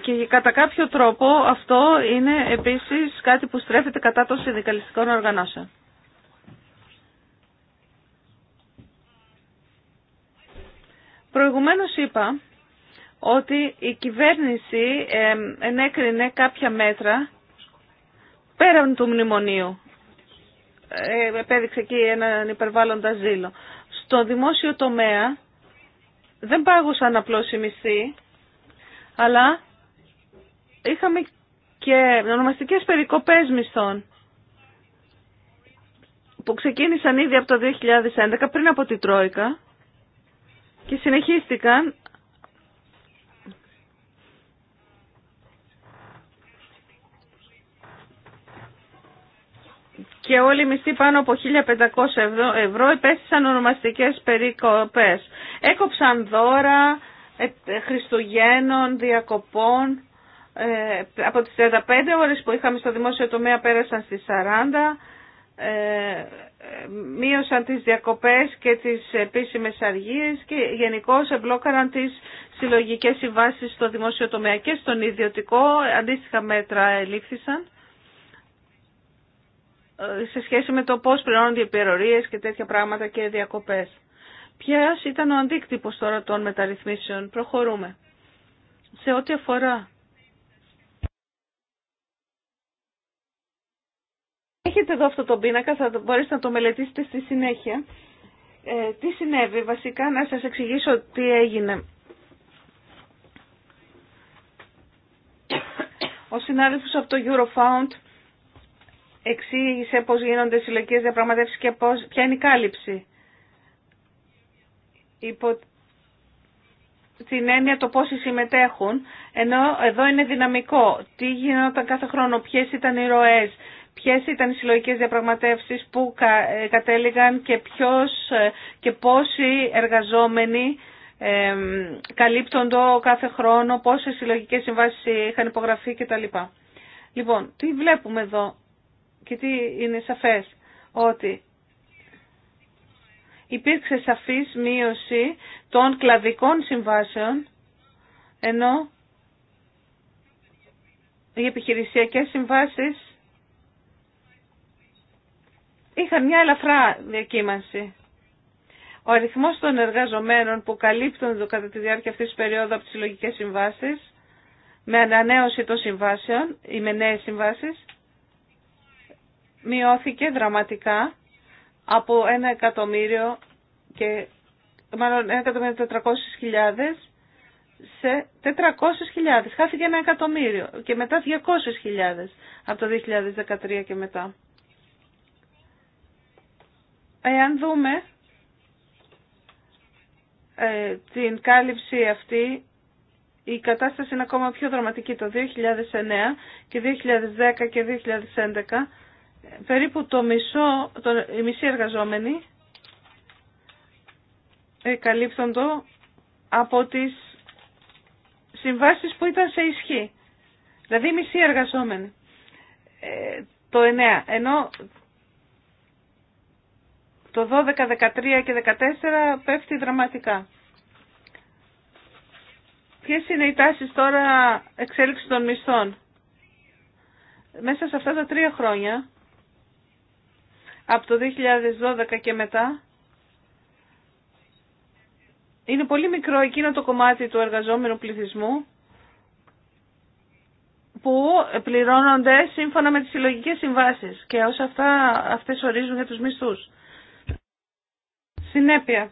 Και κατά κάποιο τρόπο αυτό είναι επίσης κάτι που στρέφεται κατά των συνδικαλιστικών οργανώσεων. Προηγουμένως είπα ότι η κυβέρνηση ε, ενέκρινε κάποια μέτρα πέραν του μνημονίου. Ε, επέδειξε εκεί έναν υπερβάλλοντα ζήλο. Στο δημόσιο τομέα δεν πάγουσαν απλώ οι μισθοί, αλλά είχαμε και ονομαστικές περικοπές μισθών που ξεκίνησαν ήδη από το 2011 πριν από την Τρόικα και συνεχίστηκαν και όλοι οι μισθοί πάνω από 1.500 ευρώ υπέστησαν ονομαστικές περικοπές. Έκοψαν δώρα ε, Χριστουγέννων, διακοπών. Ε, από τις 35 ώρες που είχαμε στο δημόσιο τομέα πέρασαν στις 40. Ε, μείωσαν τις διακοπές και τις επίσημες αργίες και γενικώ εμπλόκαραν τις συλλογικές συμβάσεις στο δημόσιο τομέα και στον ιδιωτικό. Αντίστοιχα μέτρα ελήφθησαν σε σχέση με το πώς πληρώνονται οι υπερορίες και τέτοια πράγματα και διακοπές. Ποιος ήταν ο αντίκτυπος τώρα των μεταρρυθμίσεων. Προχωρούμε. Σε ό,τι αφορά. Έχετε εδώ αυτό το πίνακα, θα μπορείτε να το μελετήσετε στη συνέχεια. Ε, τι συνέβη, βασικά να σας εξηγήσω τι έγινε. Ο συνάδελφος από το Eurofound εξήγησε πώς γίνονται οι συλλογικές διαπραγματεύσεις και πώς, ποια είναι η κάλυψη. Υπό την έννοια το πόσοι συμμετέχουν, ενώ εδώ είναι δυναμικό. Τι γινόταν κάθε χρόνο, ποιες ήταν οι ροές, ποιες ήταν οι συλλογικές διαπραγματεύσεις, που ε, κατέληγαν και ποιος ε, και πόσοι εργαζόμενοι καλύπτοντο κάθε χρόνο, πόσες συλλογικές συμβάσεις είχαν υπογραφεί κτλ. Λοιπόν, τι βλέπουμε εδώ και τι είναι σαφές, ότι υπήρξε σαφής μείωση των κλαδικών συμβάσεων, ενώ οι επιχειρησιακές συμβάσεις είχαν μια ελαφρά διακύμανση. Ο αριθμός των εργαζομένων που καλύπτονται κατά τη διάρκεια αυτής της περίοδου από τις συλλογικές συμβάσεις, με ανανέωση των συμβάσεων ή με νέες συμβάσεις, μειώθηκε δραματικά από ένα εκατομμύριο και μάλλον χιλιάδες σε 400.000. Χάθηκε ένα εκατομμύριο και μετά 200.000 από το 2013 και μετά. Εάν δούμε ε, την κάλυψη αυτή, η κατάσταση είναι ακόμα πιο δραματική το 2009 και 2010 και 2011 περίπου το μισό, το, οι μισοί εργαζόμενοι ε, καλύπτοντο από τις συμβάσεις που ήταν σε ισχύ. Δηλαδή μισή εργαζόμενοι. Ε, το 9. Ενώ το 12, 13 και 14 πέφτει δραματικά. Ποιε είναι οι τάσει τώρα εξέλιξη των μισθών. Μέσα σε αυτά τα τρία χρόνια από το 2012 και μετά είναι πολύ μικρό εκείνο το κομμάτι του εργαζόμενου πληθυσμού που πληρώνονται σύμφωνα με τις συλλογικέ συμβάσεις και όσα αυτά, αυτές ορίζουν για τους μισθούς. Συνέπεια,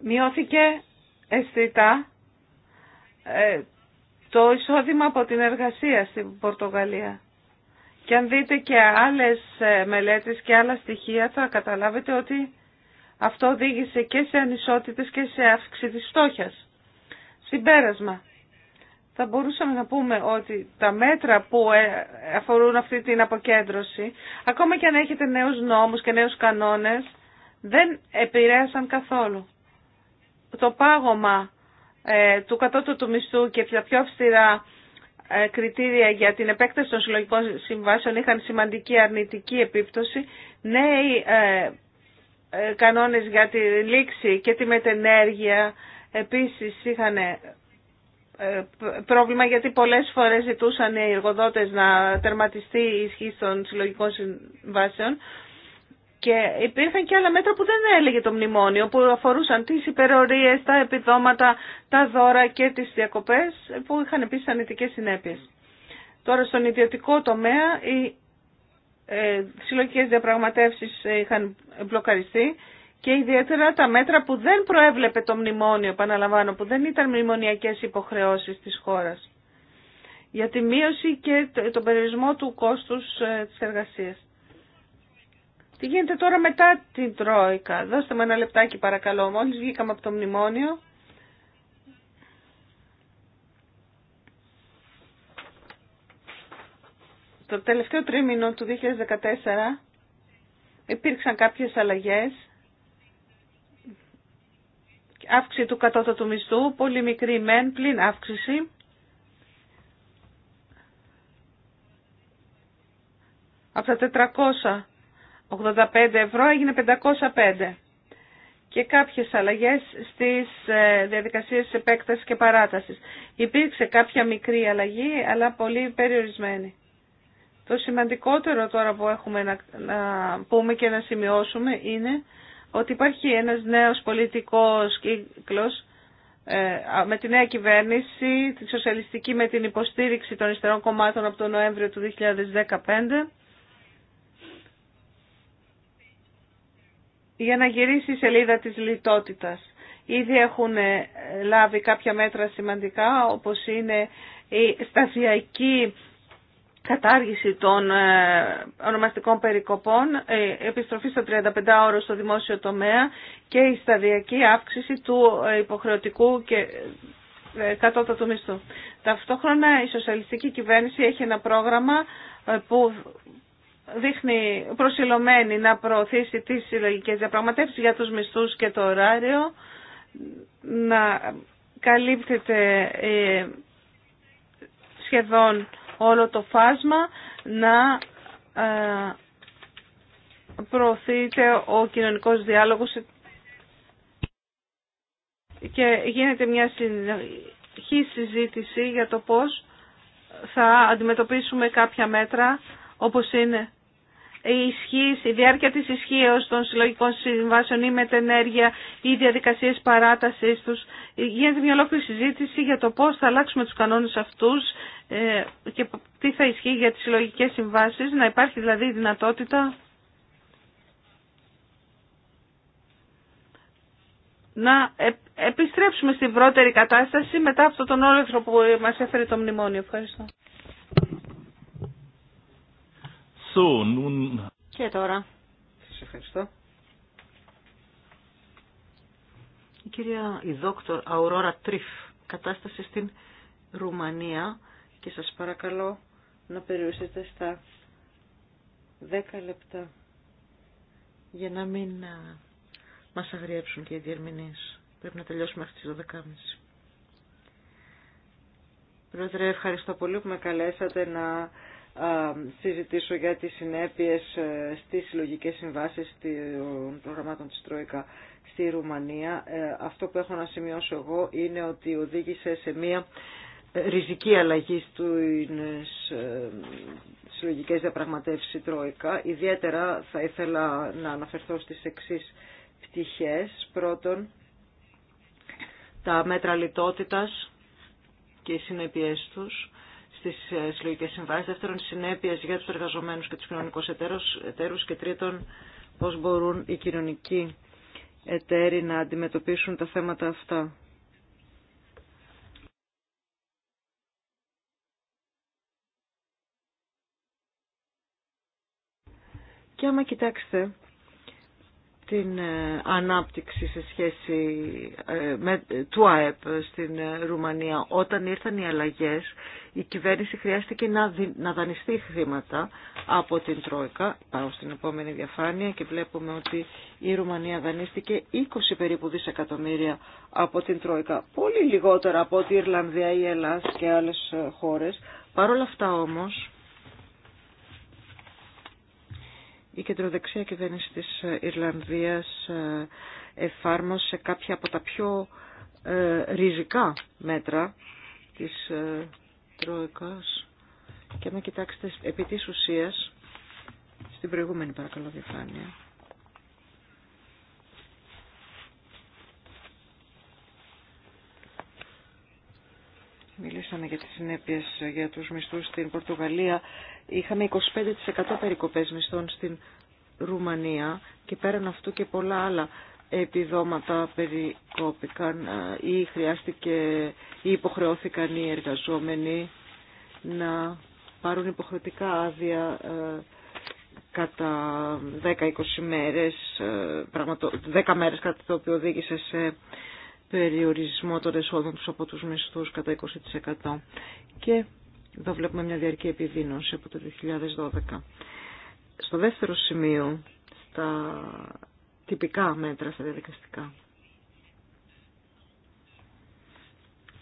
μειώθηκε αισθητά ε, το εισόδημα από την εργασία στην Πορτογαλία. Και αν δείτε και άλλες ε, μελέτες και άλλα στοιχεία θα καταλάβετε ότι αυτό οδήγησε και σε ανισότητες και σε αύξηση της φτώχειας. Συμπέρασμα. Θα μπορούσαμε να πούμε ότι τα μέτρα που ε, αφορούν αυτή την αποκέντρωση, ακόμα και αν έχετε νέους νόμους και νέους κανόνες, δεν επηρέασαν καθόλου. Το πάγωμα ε, του κατώτου του μισθού και πιο αυστηρά ε, κριτήρια για την επέκταση των συλλογικών συμβάσεων είχαν σημαντική αρνητική επίπτωση. Νέοι ε, ε, κανόνες για τη λήξη και τη μετενέργεια επίσης είχαν πρόβλημα γιατί πολλές φορές ζητούσαν οι εργοδότες να τερματιστεί η ισχύ των συλλογικών συμβάσεων και υπήρχαν και άλλα μέτρα που δεν έλεγε το μνημόνιο, που αφορούσαν τις υπερορίες, τα επιδόματα, τα δώρα και τις διακοπές, που είχαν επίσης ανητικές συνέπειες. Τώρα στον ιδιωτικό τομέα οι ε, συλλογικές διαπραγματεύσεις είχαν μπλοκαριστεί και ιδιαίτερα τα μέτρα που δεν προέβλεπε το μνημόνιο, επαναλαμβάνω, που δεν ήταν μνημονιακές υποχρεώσεις της χώρας για τη μείωση και τον περιορισμό του κόστους ε, της εργασίας. Τι γίνεται τώρα μετά την Τρόικα. Δώστε μου ένα λεπτάκι παρακαλώ. Μόλις βγήκαμε από το μνημόνιο. Το τελευταίο τρίμηνο του 2014 υπήρξαν κάποιες αλλαγές. Αύξηση του κατώτατου μισθού, πολύ μικρή μεν, πλην αύξηση. Από τα 400 85 ευρώ έγινε 505 και κάποιες αλλαγές στις ε, διαδικασίες επέκτασης και παράτασης. Υπήρξε κάποια μικρή αλλαγή, αλλά πολύ περιορισμένη. Το σημαντικότερο τώρα που έχουμε να, να πούμε και να σημειώσουμε είναι ότι υπάρχει ένας νέος πολιτικός κύκλος ε, με τη νέα κυβέρνηση, τη σοσιαλιστική με την υποστήριξη των Ιστερών κομμάτων από τον Νοέμβριο του 2015 για να γυρίσει η σελίδα της λιτότητας. Ήδη έχουν ε, λάβει κάποια μέτρα σημαντικά όπως είναι η σταδιακή κατάργηση των ε, ονομαστικών περικοπών, ε, επιστροφή στα 35 ώρες στο δημόσιο τομέα και η σταδιακή αύξηση του υποχρεωτικού και κατώτατου μισθού. Ταυτόχρονα η σοσιαλιστική κυβέρνηση έχει ένα πρόγραμμα που δείχνει προσιλωμένη να προωθήσει τις συλλογικές διαπραγματεύσεις για τους μισθούς και το ωράριο, να καλύπτεται ε, σχεδόν όλο το φάσμα, να ε, προωθείται ο κοινωνικός διάλογος και γίνεται μια συνεχή συζήτηση για το πώς θα αντιμετωπίσουμε κάποια μέτρα όπως είναι η, ισχύς, η διάρκεια της ισχύω των συλλογικών συμβάσεων ή μετενέργεια ή διαδικασίες παράτασης τους. Γίνεται μια ολόκληρη συζήτηση για το πώς θα αλλάξουμε τους κανόνες αυτούς ε, και τι θα ισχύει για τις συλλογικές συμβάσεις, να υπάρχει δηλαδή η δυνατότητα να επιστρέψουμε στην πρώτερη κατάσταση μετά από τον όλεθρο που μας έφερε το μνημόνιο. Ευχαριστώ. Και τώρα. σα ευχαριστώ. Η κυρία, η δόκτωρ Αουρόρα Τρίφ, κατάσταση στην Ρουμανία και σας παρακαλώ να περιορίσετε στα 10 λεπτά για να μην ε, μας αγριέψουν και οι διερμηνείς. Πρέπει να τελειώσουμε αυτή τη 12.30. Πρόεδρε, ευχαριστώ πολύ που με καλέσατε να συζητήσω για τις συνέπειες ε, στις συλλογικές συμβάσεις των προγραμμάτων της Τρόικα στη Ρουμανία. Ε, αυτό που έχω να σημειώσω εγώ είναι ότι οδήγησε σε μία ριζική αλλαγή στις ε, συλλογικές διαπραγματεύσεις Τρόικα. Ιδιαίτερα θα ήθελα να αναφερθώ στις εξής πτυχές. Πρώτον, τα μέτρα λιτότητας και οι συνέπειές τους στι ε, συλλογικέ συμβάσει. δεύτερον συνέπειε για τους εργαζομένου και του κοινωνικού εταίρου. και τρίτον πώς μπορούν οι κοινωνικοί εταίροι να αντιμετωπίσουν τα θέματα αυτά. Και άμα κοιτάξετε, στην ε, ανάπτυξη σε σχέση ε, του ΑΕΠ στην ε, Ρουμανία. Όταν ήρθαν οι αλλαγές, η κυβέρνηση χρειάστηκε να, να δανειστεί χρήματα από την Τρόικα. Πάω στην επόμενη διαφάνεια και βλέπουμε ότι η Ρουμανία δανείστηκε 20 περίπου δισεκατομμύρια από την Τρόικα. Πολύ λιγότερα από ότι η Ιρλανδία, η Ελλάδα και άλλες χώρες. Παρ' αυτά όμως, η κεντροδεξιά κυβέρνηση της ε, Ιρλανδίας ε, εφάρμοσε κάποια από τα πιο ε, ριζικά μέτρα της Τρόικας και να κοιτάξετε επί της ουσίας στην προηγούμενη παρακαλώ διαφάνεια μιλήσαμε για τις συνέπειες για τους μισθούς στην Πορτογαλία. Είχαμε 25% περικοπές μισθών στην Ρουμανία και πέραν αυτού και πολλά άλλα επιδόματα περικόπηκαν ή χρειάστηκε ή υποχρεώθηκαν οι εργαζόμενοι να πάρουν υποχρεωτικά άδεια ε, κατά 10-20 μέρες, 10 ε, μέρες μερες κατα το οποίο οδήγησε σε περιορισμό των εσόδων τους από τους μισθούς κατά 20% και εδώ βλέπουμε μια διαρκή επιδείνωση από το 2012. Στο δεύτερο σημείο, στα τυπικά μέτρα, στα διαδικαστικά.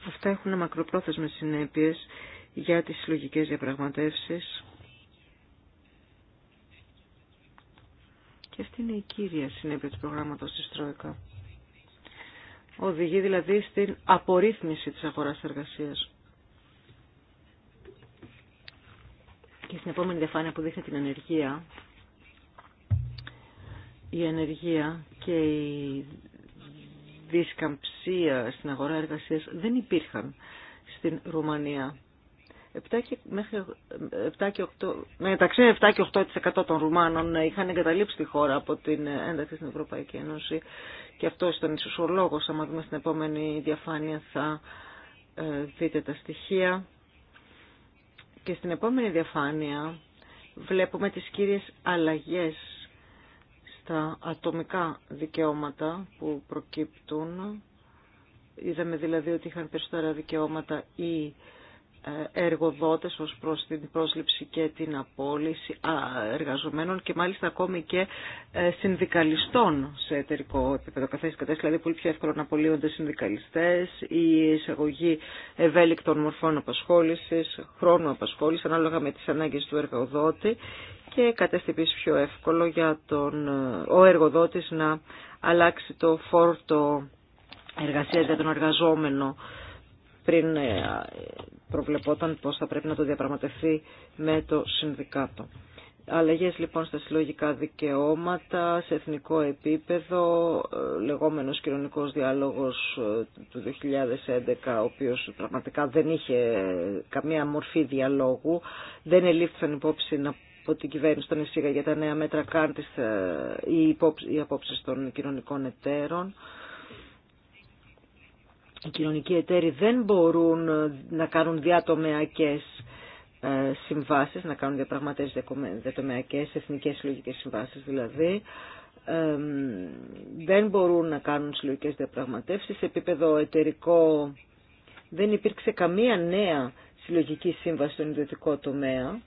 Αυτά έχουν μακροπρόθεσμες συνέπειες για τις συλλογικέ διαπραγματεύσεις και αυτή είναι η κύρια συνέπεια του προγράμματος της Τρόικα. Οδηγεί δηλαδή στην απορρίθμιση της αγοράς εργασίας. Και στην επόμενη διαφάνεια που δείχνει την ενεργεία, η ενεργεία και η δισκαμψία στην αγορά εργασίας δεν υπήρχαν στην Ρουμανία. 7 και, μέχρι, 7 και 8, μεταξύ 7 και 8% των Ρουμάνων είχαν εγκαταλείψει τη χώρα από την ένταξη στην Ευρωπαϊκή Ένωση και αυτό ήταν ίσως ο λόγος, άμα δούμε στην επόμενη διαφάνεια θα ε, δείτε τα στοιχεία. Και στην επόμενη διαφάνεια βλέπουμε τις κύριες αλλαγές στα ατομικά δικαιώματα που προκύπτουν. Είδαμε δηλαδή ότι είχαν περισσότερα δικαιώματα ή ε, εργοδότες ως προς την πρόσληψη και την απόλυση εργαζομένων και μάλιστα ακόμη και ε, συνδικαλιστών σε εταιρικό επίπεδο καθένας κατάσταση, δηλαδή πολύ πιο εύκολο να απολύονται συνδικαλιστές, η εισαγωγή ευέλικτων μορφών απασχόλησης, χρόνου απασχόλησης ανάλογα με τις ανάγκες του εργοδότη και κατέστη πιο εύκολο για τον, ε, ο εργοδότης να αλλάξει το φόρτο εργασίας για τον εργαζόμενο πριν προβλεπόταν πώς θα πρέπει να το διαπραγματευτεί με το συνδικάτο. Αλλαγές λοιπόν στα συλλογικά δικαιώματα, σε εθνικό επίπεδο, ε, λεγόμενος κοινωνικός διάλογος ε, του 2011, ο οποίος πραγματικά δεν είχε ε, καμία μορφή διαλόγου, δεν ελήφθησαν υπόψη από την κυβέρνηση των ΕΣΥΓΑ για τα νέα μέτρα κάρτης ή οι απόψεις των κοινωνικών εταίρων οι κοινωνικοί εταίροι δεν μπορούν ε, να κάνουν διατομεακές ε, συμβάσεις, να κάνουν διαπραγματεύσεις διατομεακές, εθνικές συλλογικές συμβάσεις δηλαδή, δεν μπορούν να κάνουν συλλογικές διαπραγματεύσεις. Σε επίπεδο εταιρικό δεν υπήρξε καμία νέα συλλογική σύμβαση στον ιδιωτικό τομέα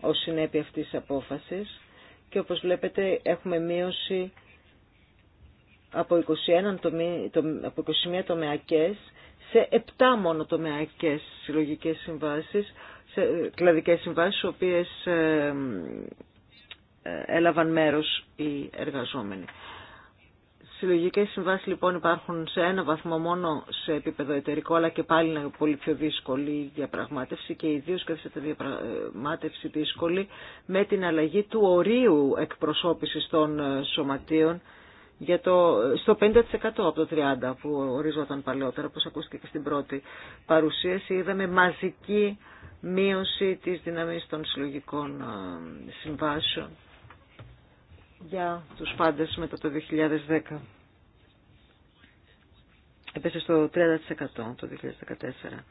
ως συνέπεια αυτής της απόφασης και όπως βλέπετε έχουμε μείωση από 21, το από τομεακές σε 7 μόνο τομεακές συλλογικές συμβάσεις, σε ε, κλαδικές συμβάσεις, στις οποίες ε, ε, έλαβαν μέρος οι εργαζόμενοι. Συλλογικές συμβάσεις λοιπόν υπάρχουν σε ένα βαθμό μόνο σε επίπεδο εταιρικό, αλλά και πάλι είναι πολύ πιο δύσκολη η διαπραγμάτευση και ιδίω καθίσατε διαπραγμάτευση δύσκολη με την αλλαγή του ορίου εκπροσώπησης των σωματείων για το, στο 50% από το 30% που οριζόταν παλαιότερα, όπως ακούστηκε και στην πρώτη παρουσίαση, είδαμε μαζική μείωση της δύναμης των συλλογικών συμβάσεων για τους πάντες μετά το 2010. Έπεσε στο 30% το 2014.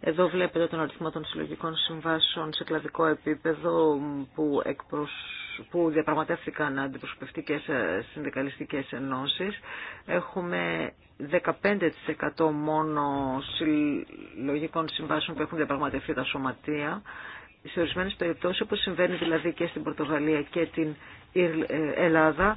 Εδώ βλέπετε τον αριθμό των συλλογικών συμβάσεων σε κλαδικό επίπεδο που, εκπροσ... που διαπραγματεύτηκαν αντιπροσωπευτικές ε, συνδικαλιστικές ενώσεις. Έχουμε 15% μόνο συλλογικών συμβάσεων που έχουν διαπραγματευτεί τα σωματεία. Σε ορισμένε περιπτώσεις, όπως συμβαίνει δηλαδή και στην Πορτογαλία και την ε, Ελλάδα,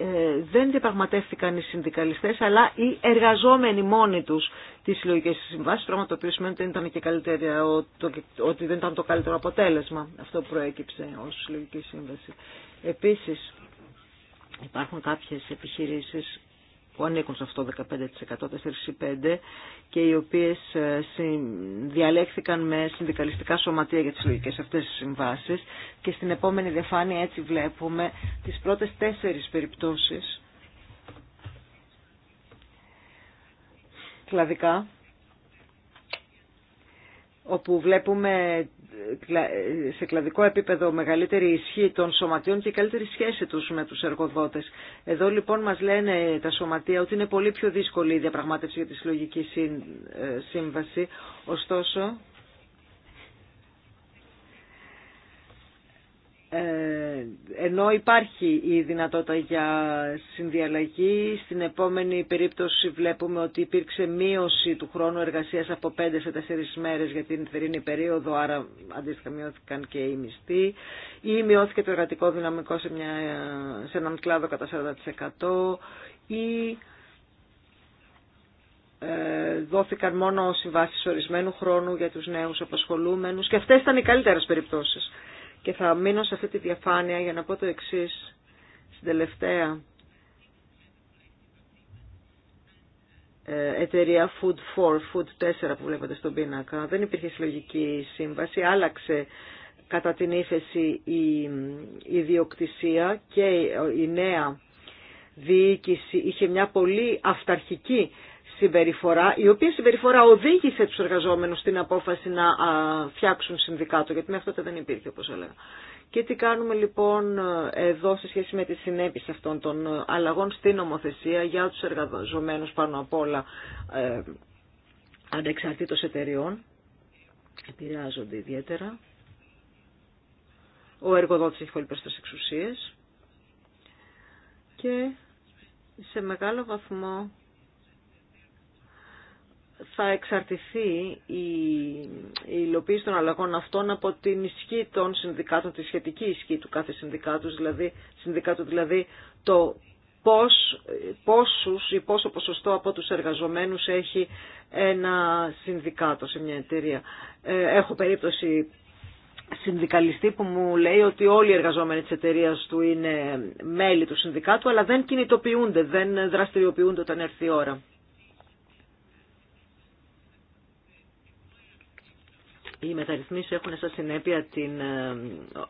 ε, δεν διαπραγματεύτηκαν οι συνδικαλιστές αλλά οι εργαζόμενοι μόνοι τους τις συλλογικέ συμβάσεις, πράγμα το οποίο σημαίνει ότι δεν ήταν, και ότι δεν ήταν το καλύτερο αποτέλεσμα αυτό που προέκυψε ως συλλογική σύμβαση. Επίσης υπάρχουν κάποιες επιχειρήσεις που ανήκουν σε αυτό 15% 4-5 και οι οποίες ε, διαλέχθηκαν με συνδικαλιστικά σωματεία για τις λογικές αυτές τις συμβάσεις και στην επόμενη διαφάνεια έτσι βλέπουμε τις πρώτες τέσσερις περιπτώσεις κλαδικά όπου βλέπουμε σε κλαδικό επίπεδο μεγαλύτερη ισχύ των σωματείων και καλύτερη σχέση τους με τους εργοδότες. Εδώ λοιπόν μας λένε τα σωματεία ότι είναι πολύ πιο δύσκολη η διαπραγμάτευση για τη συλλογική ε, σύμβαση. Ωστόσο, Ε, ενώ υπάρχει η δυνατότητα για συνδιαλλαγή, στην επόμενη περίπτωση βλέπουμε ότι υπήρξε μείωση του χρόνου εργασίας από 5 σε 4 μέρες για την θερινή περίοδο, άρα αντίστοιχα μειώθηκαν και οι μισθοί, ή μειώθηκε το εργατικό δυναμικό σε, μια, σε έναν κλάδο κατά 40%, ή ε, δόθηκαν μόνο συμβάσεις ορισμένου χρόνου για τους νέους απασχολούμενους και αυτές ήταν οι καλύτερες περιπτώσεις. Και θα μείνω σε αυτή τη διαφάνεια για να πω το εξής στην τελευταία ε, εταιρεία Food 4, Food 4 που βλέπετε στον πίνακα. Δεν υπήρχε συλλογική σύμβαση, άλλαξε κατά την ύφεση η ιδιοκτησία και η νέα διοίκηση είχε μια πολύ αυταρχική συμπεριφορά, η οποία συμπεριφορά οδήγησε τους εργαζόμενους στην απόφαση να φτιάξουν συνδικάτο, γιατί με αυτό δεν υπήρχε όπως έλεγα. Και τι κάνουμε λοιπόν εδώ σε σχέση με τις συνέπειες αυτών των αλλαγών στην νομοθεσία για τους εργαζομένους πάνω απ' όλα ε, ανεξαρτήτως εταιριών, επηρεάζονται ιδιαίτερα. Ο εργοδότης έχει πολύ περισσότερες εξουσίες και σε μεγάλο βαθμό θα εξαρτηθεί η υλοποίηση των αλλαγών αυτών από την ισχύ των συνδικάτων, τη σχετική ισχύ του κάθε συνδικάτου, δηλαδή, συνδικάτου, δηλαδή το πώς, πόσους ή πόσο ποσοστό από τους εργαζομένους έχει ένα συνδικάτο σε μια εταιρεία. Ε, έχω περίπτωση συνδικαλιστή που μου λέει ότι όλοι οι εργαζόμενοι της εταιρεία του είναι μέλη του συνδικάτου, αλλά δεν κινητοποιούνται, δεν δραστηριοποιούνται όταν έρθει η ώρα. οι μεταρρυθμίσεις έχουν σαν συνέπεια την, ε,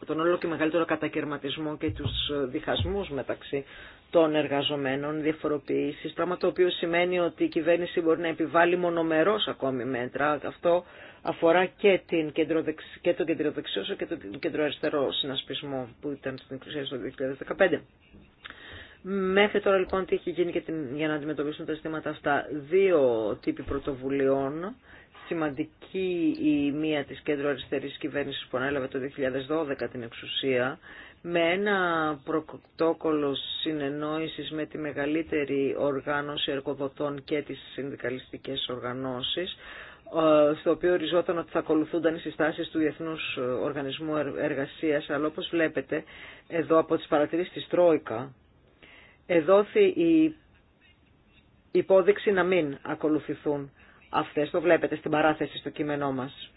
τον όλο και μεγαλύτερο κατακαιρματισμό και τους διχασμούς μεταξύ των εργαζομένων, διαφοροποιήσεις, πράγμα το οποίο σημαίνει ότι η κυβέρνηση μπορεί να επιβάλλει μονομερός ακόμη μέτρα. Αυτό αφορά και, την κεντροδεξι... και τον κεντροδεξιό και τον κεντροαριστερό συνασπισμό που ήταν στην εξουσία στο 2015. Μέχρι τώρα λοιπόν τι έχει γίνει για να αντιμετωπίσουν τα ζητήματα αυτά. Δύο τύποι πρωτοβουλειών σημαντική η μία της κέντρο αριστερής κυβέρνησης που ανέλαβε το 2012 την εξουσία με ένα πρωτόκολλο συνεννόησης με τη μεγαλύτερη οργάνωση εργοδοτών και τις συνδικαλιστικές οργανώσεις ε, στο οποίο οριζόταν ότι θα ακολουθούνταν οι συστάσεις του Διεθνούς Οργανισμού Εργασίας αλλά όπως βλέπετε εδώ από τις παρατηρήσεις της Τρόικα εδόθη η υπόδειξη να μην ακολουθηθούν αυτές, το βλέπετε στην παράθεση στο κείμενό μας.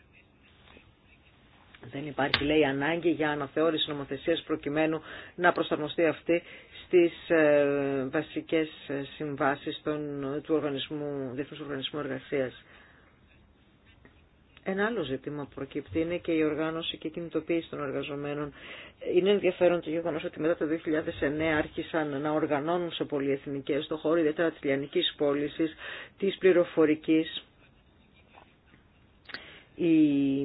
Δεν υπάρχει, λέει, ανάγκη για αναθεώρηση νομοθεσίας προκειμένου να προσαρμοστεί αυτή στις ε, βασικές ε, συμβάσεις των, του οργανισμού, Διεθνούς Οργανισμού Εργασίας. Ένα άλλο ζήτημα που προκύπτει είναι και η οργάνωση και η κινητοποίηση των εργαζομένων. Είναι ενδιαφέρον το γεγονό ότι μετά το 2009 άρχισαν να οργανώνουν σε πολυεθνικέ το χώρο ιδιαίτερα τη λιανική πώληση, τη πληροφορική. Η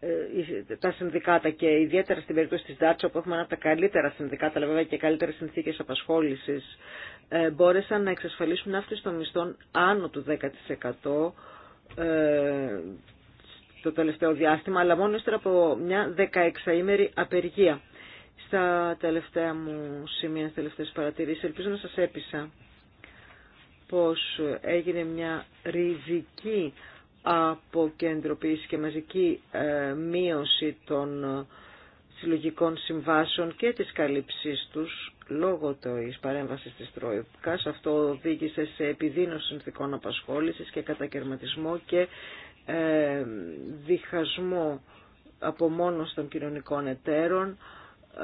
ε, ε, τα συνδικάτα και ιδιαίτερα στην περίπτωση της Δάτσο, που έχουμε ένα από τα καλύτερα συνδικάτα αλλά βέβαια και καλύτερες συνθήκες απασχόλησης ε, μπόρεσαν να εξασφαλίσουν αύξηση των μισθών άνω του 10% ε, το τελευταίο διάστημα, αλλά μόνο ύστερα από μια 16ημερη απεργία. Στα τελευταία μου σημεία, στις τελευταίες παρατηρήσεις, ελπίζω να σας έπεισα πως έγινε μια ριζική αποκεντροποίηση και μαζική ε, μείωση των ε, συλλογικών συμβάσεων και της καλύψής τους λόγω τη παρέμβαση τη Τροϊκά, Αυτό οδήγησε σε επιδείνωση συνθηκών απασχόληση και κατακαιρματισμό και ε, διχασμό μόνο των κοινωνικών εταίρων,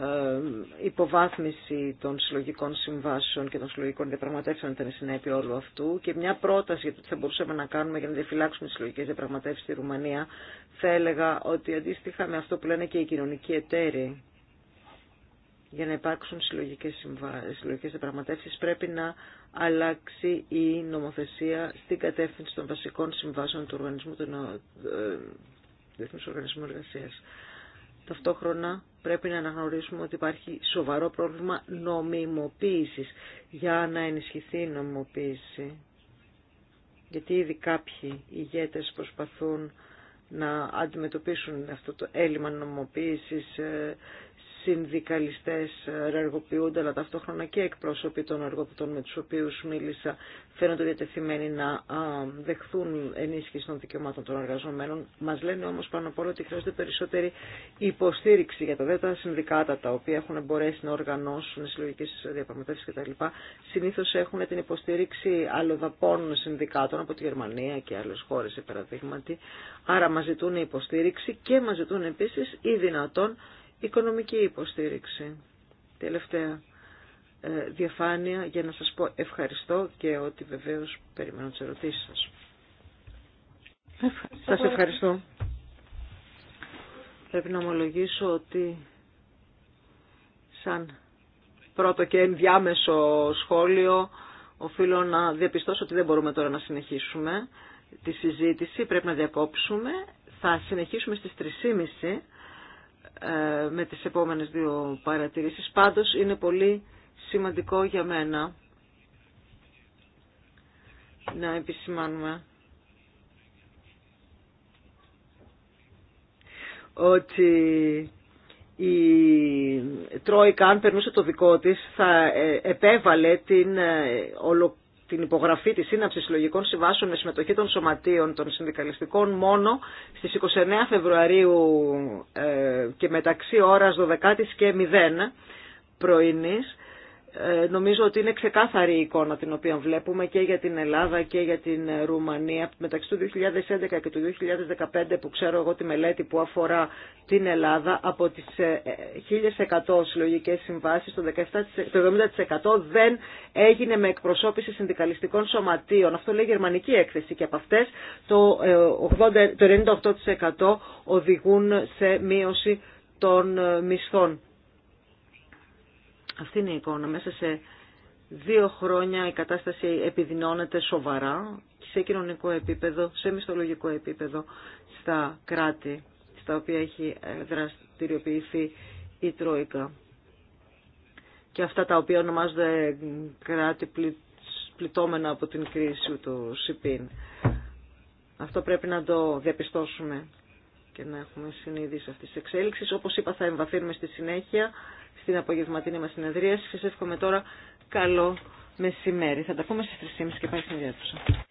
ε, υποβάθμιση των συλλογικών συμβάσεων και των συλλογικών διαπραγματεύσεων ήταν η συνέπεια όλου αυτού και μια πρόταση για το τι θα μπορούσαμε να κάνουμε για να διαφυλάξουμε τις συλλογικές διαπραγματεύσεις στη Ρουμανία θα έλεγα ότι αντίστοιχα με αυτό που λένε και οι κοινωνικοί εταίροι για να υπάρξουν συλλογικές, συμβα... πρέπει να αλλάξει η νομοθεσία στην κατεύθυνση των βασικών συμβάσεων του Οργανισμού, του ε, Διεθνούς Οργανισμού Εργασίας. Ταυτόχρονα πρέπει να αναγνωρίσουμε ότι υπάρχει σοβαρό πρόβλημα νομιμοποίησης για να ενισχυθεί η νομιμοποίηση. Γιατί ήδη κάποιοι ηγέτες προσπαθούν να αντιμετωπίσουν αυτό το έλλειμμα νομιμοποίησης ε, συνδικαλιστές εργοποιούνται, αλλά ταυτόχρονα και εκπρόσωποι των εργοποιητών με τους οποίους μίλησα φαίνονται διατεθειμένοι να δεχθούν ενίσχυση των δικαιωμάτων των εργαζομένων. Μας λένε όμως πάνω απ' όλα ότι χρειάζεται περισσότερη υποστήριξη για τα δέτα συνδικάτα τα οποία έχουν μπορέσει να οργανώσουν συλλογικές διαπραγματεύσεις κτλ. Συνήθως έχουν την υποστήριξη αλλοδαπών συνδικάτων από τη Γερμανία και άλλες χώρες, παραδείγματι. Άρα μας ζητούν υποστήριξη και μας ζητούν επίσης ή δυνατόν Οικονομική υποστήριξη. Τελευταία ε, διαφάνεια για να σας πω ευχαριστώ και ότι βεβαίως περιμένω τις ερωτήσεις σας. Ευχαριστώ. Σας ευχαριστώ. Πρέπει να ομολογήσω ότι σαν πρώτο και ενδιάμεσο σχόλιο οφείλω να διαπιστώσω ότι δεν μπορούμε τώρα να συνεχίσουμε τη συζήτηση, πρέπει να διακόψουμε. Θα συνεχίσουμε στις 3.30 ε, με τις επόμενες δύο παρατηρήσεις. Πάντως είναι πολύ σημαντικό για μένα να επισημάνουμε ότι η Τρόικα αν περνούσε το δικό της θα ε, επέβαλε την ε, ολοκλήρωση την υπογραφή της σύναψης συλλογικών συμβάσεων με συμμετοχή των σωματείων των συνδικαλιστικών μόνο στις 29 Φεβρουαρίου ε, και μεταξύ ώρας 12 και 0 πρωινής ε, νομίζω ότι είναι ξεκάθαρη η εικόνα την οποία βλέπουμε και για την Ελλάδα και για την Ρουμανία. Μεταξύ του 2011 και του 2015 που ξέρω εγώ τη μελέτη που αφορά την Ελλάδα από τις 1.100 ε, συλλογικές συμβάσεις το 70% δεν έγινε με εκπροσώπηση συνδικαλιστικών σωματείων. Αυτό λέει η γερμανική έκθεση και από αυτές το, 80, ε, το 98% οδηγούν σε μείωση των μισθών. Αυτή είναι η εικόνα. Μέσα σε δύο χρόνια η κατάσταση επιδεινώνεται σοβαρά σε κοινωνικό επίπεδο, σε μισθολογικό επίπεδο στα κράτη στα οποία έχει ε, δραστηριοποιηθεί η Τρόικα. Και αυτά τα οποία ονομάζονται κράτη πληττόμενα από την κρίση του ΣΥΠΗΝ. Αυτό πρέπει να το διαπιστώσουμε και να έχουμε συνείδηση αυτής της εξέλιξης. Όπως είπα θα εμβαθύνουμε στη συνέχεια στην απογευματινή μας συνεδρία. Σας εύχομαι τώρα καλό μεσημέρι. Θα τα πούμε στις 3.30 και πάει στην διάθεση.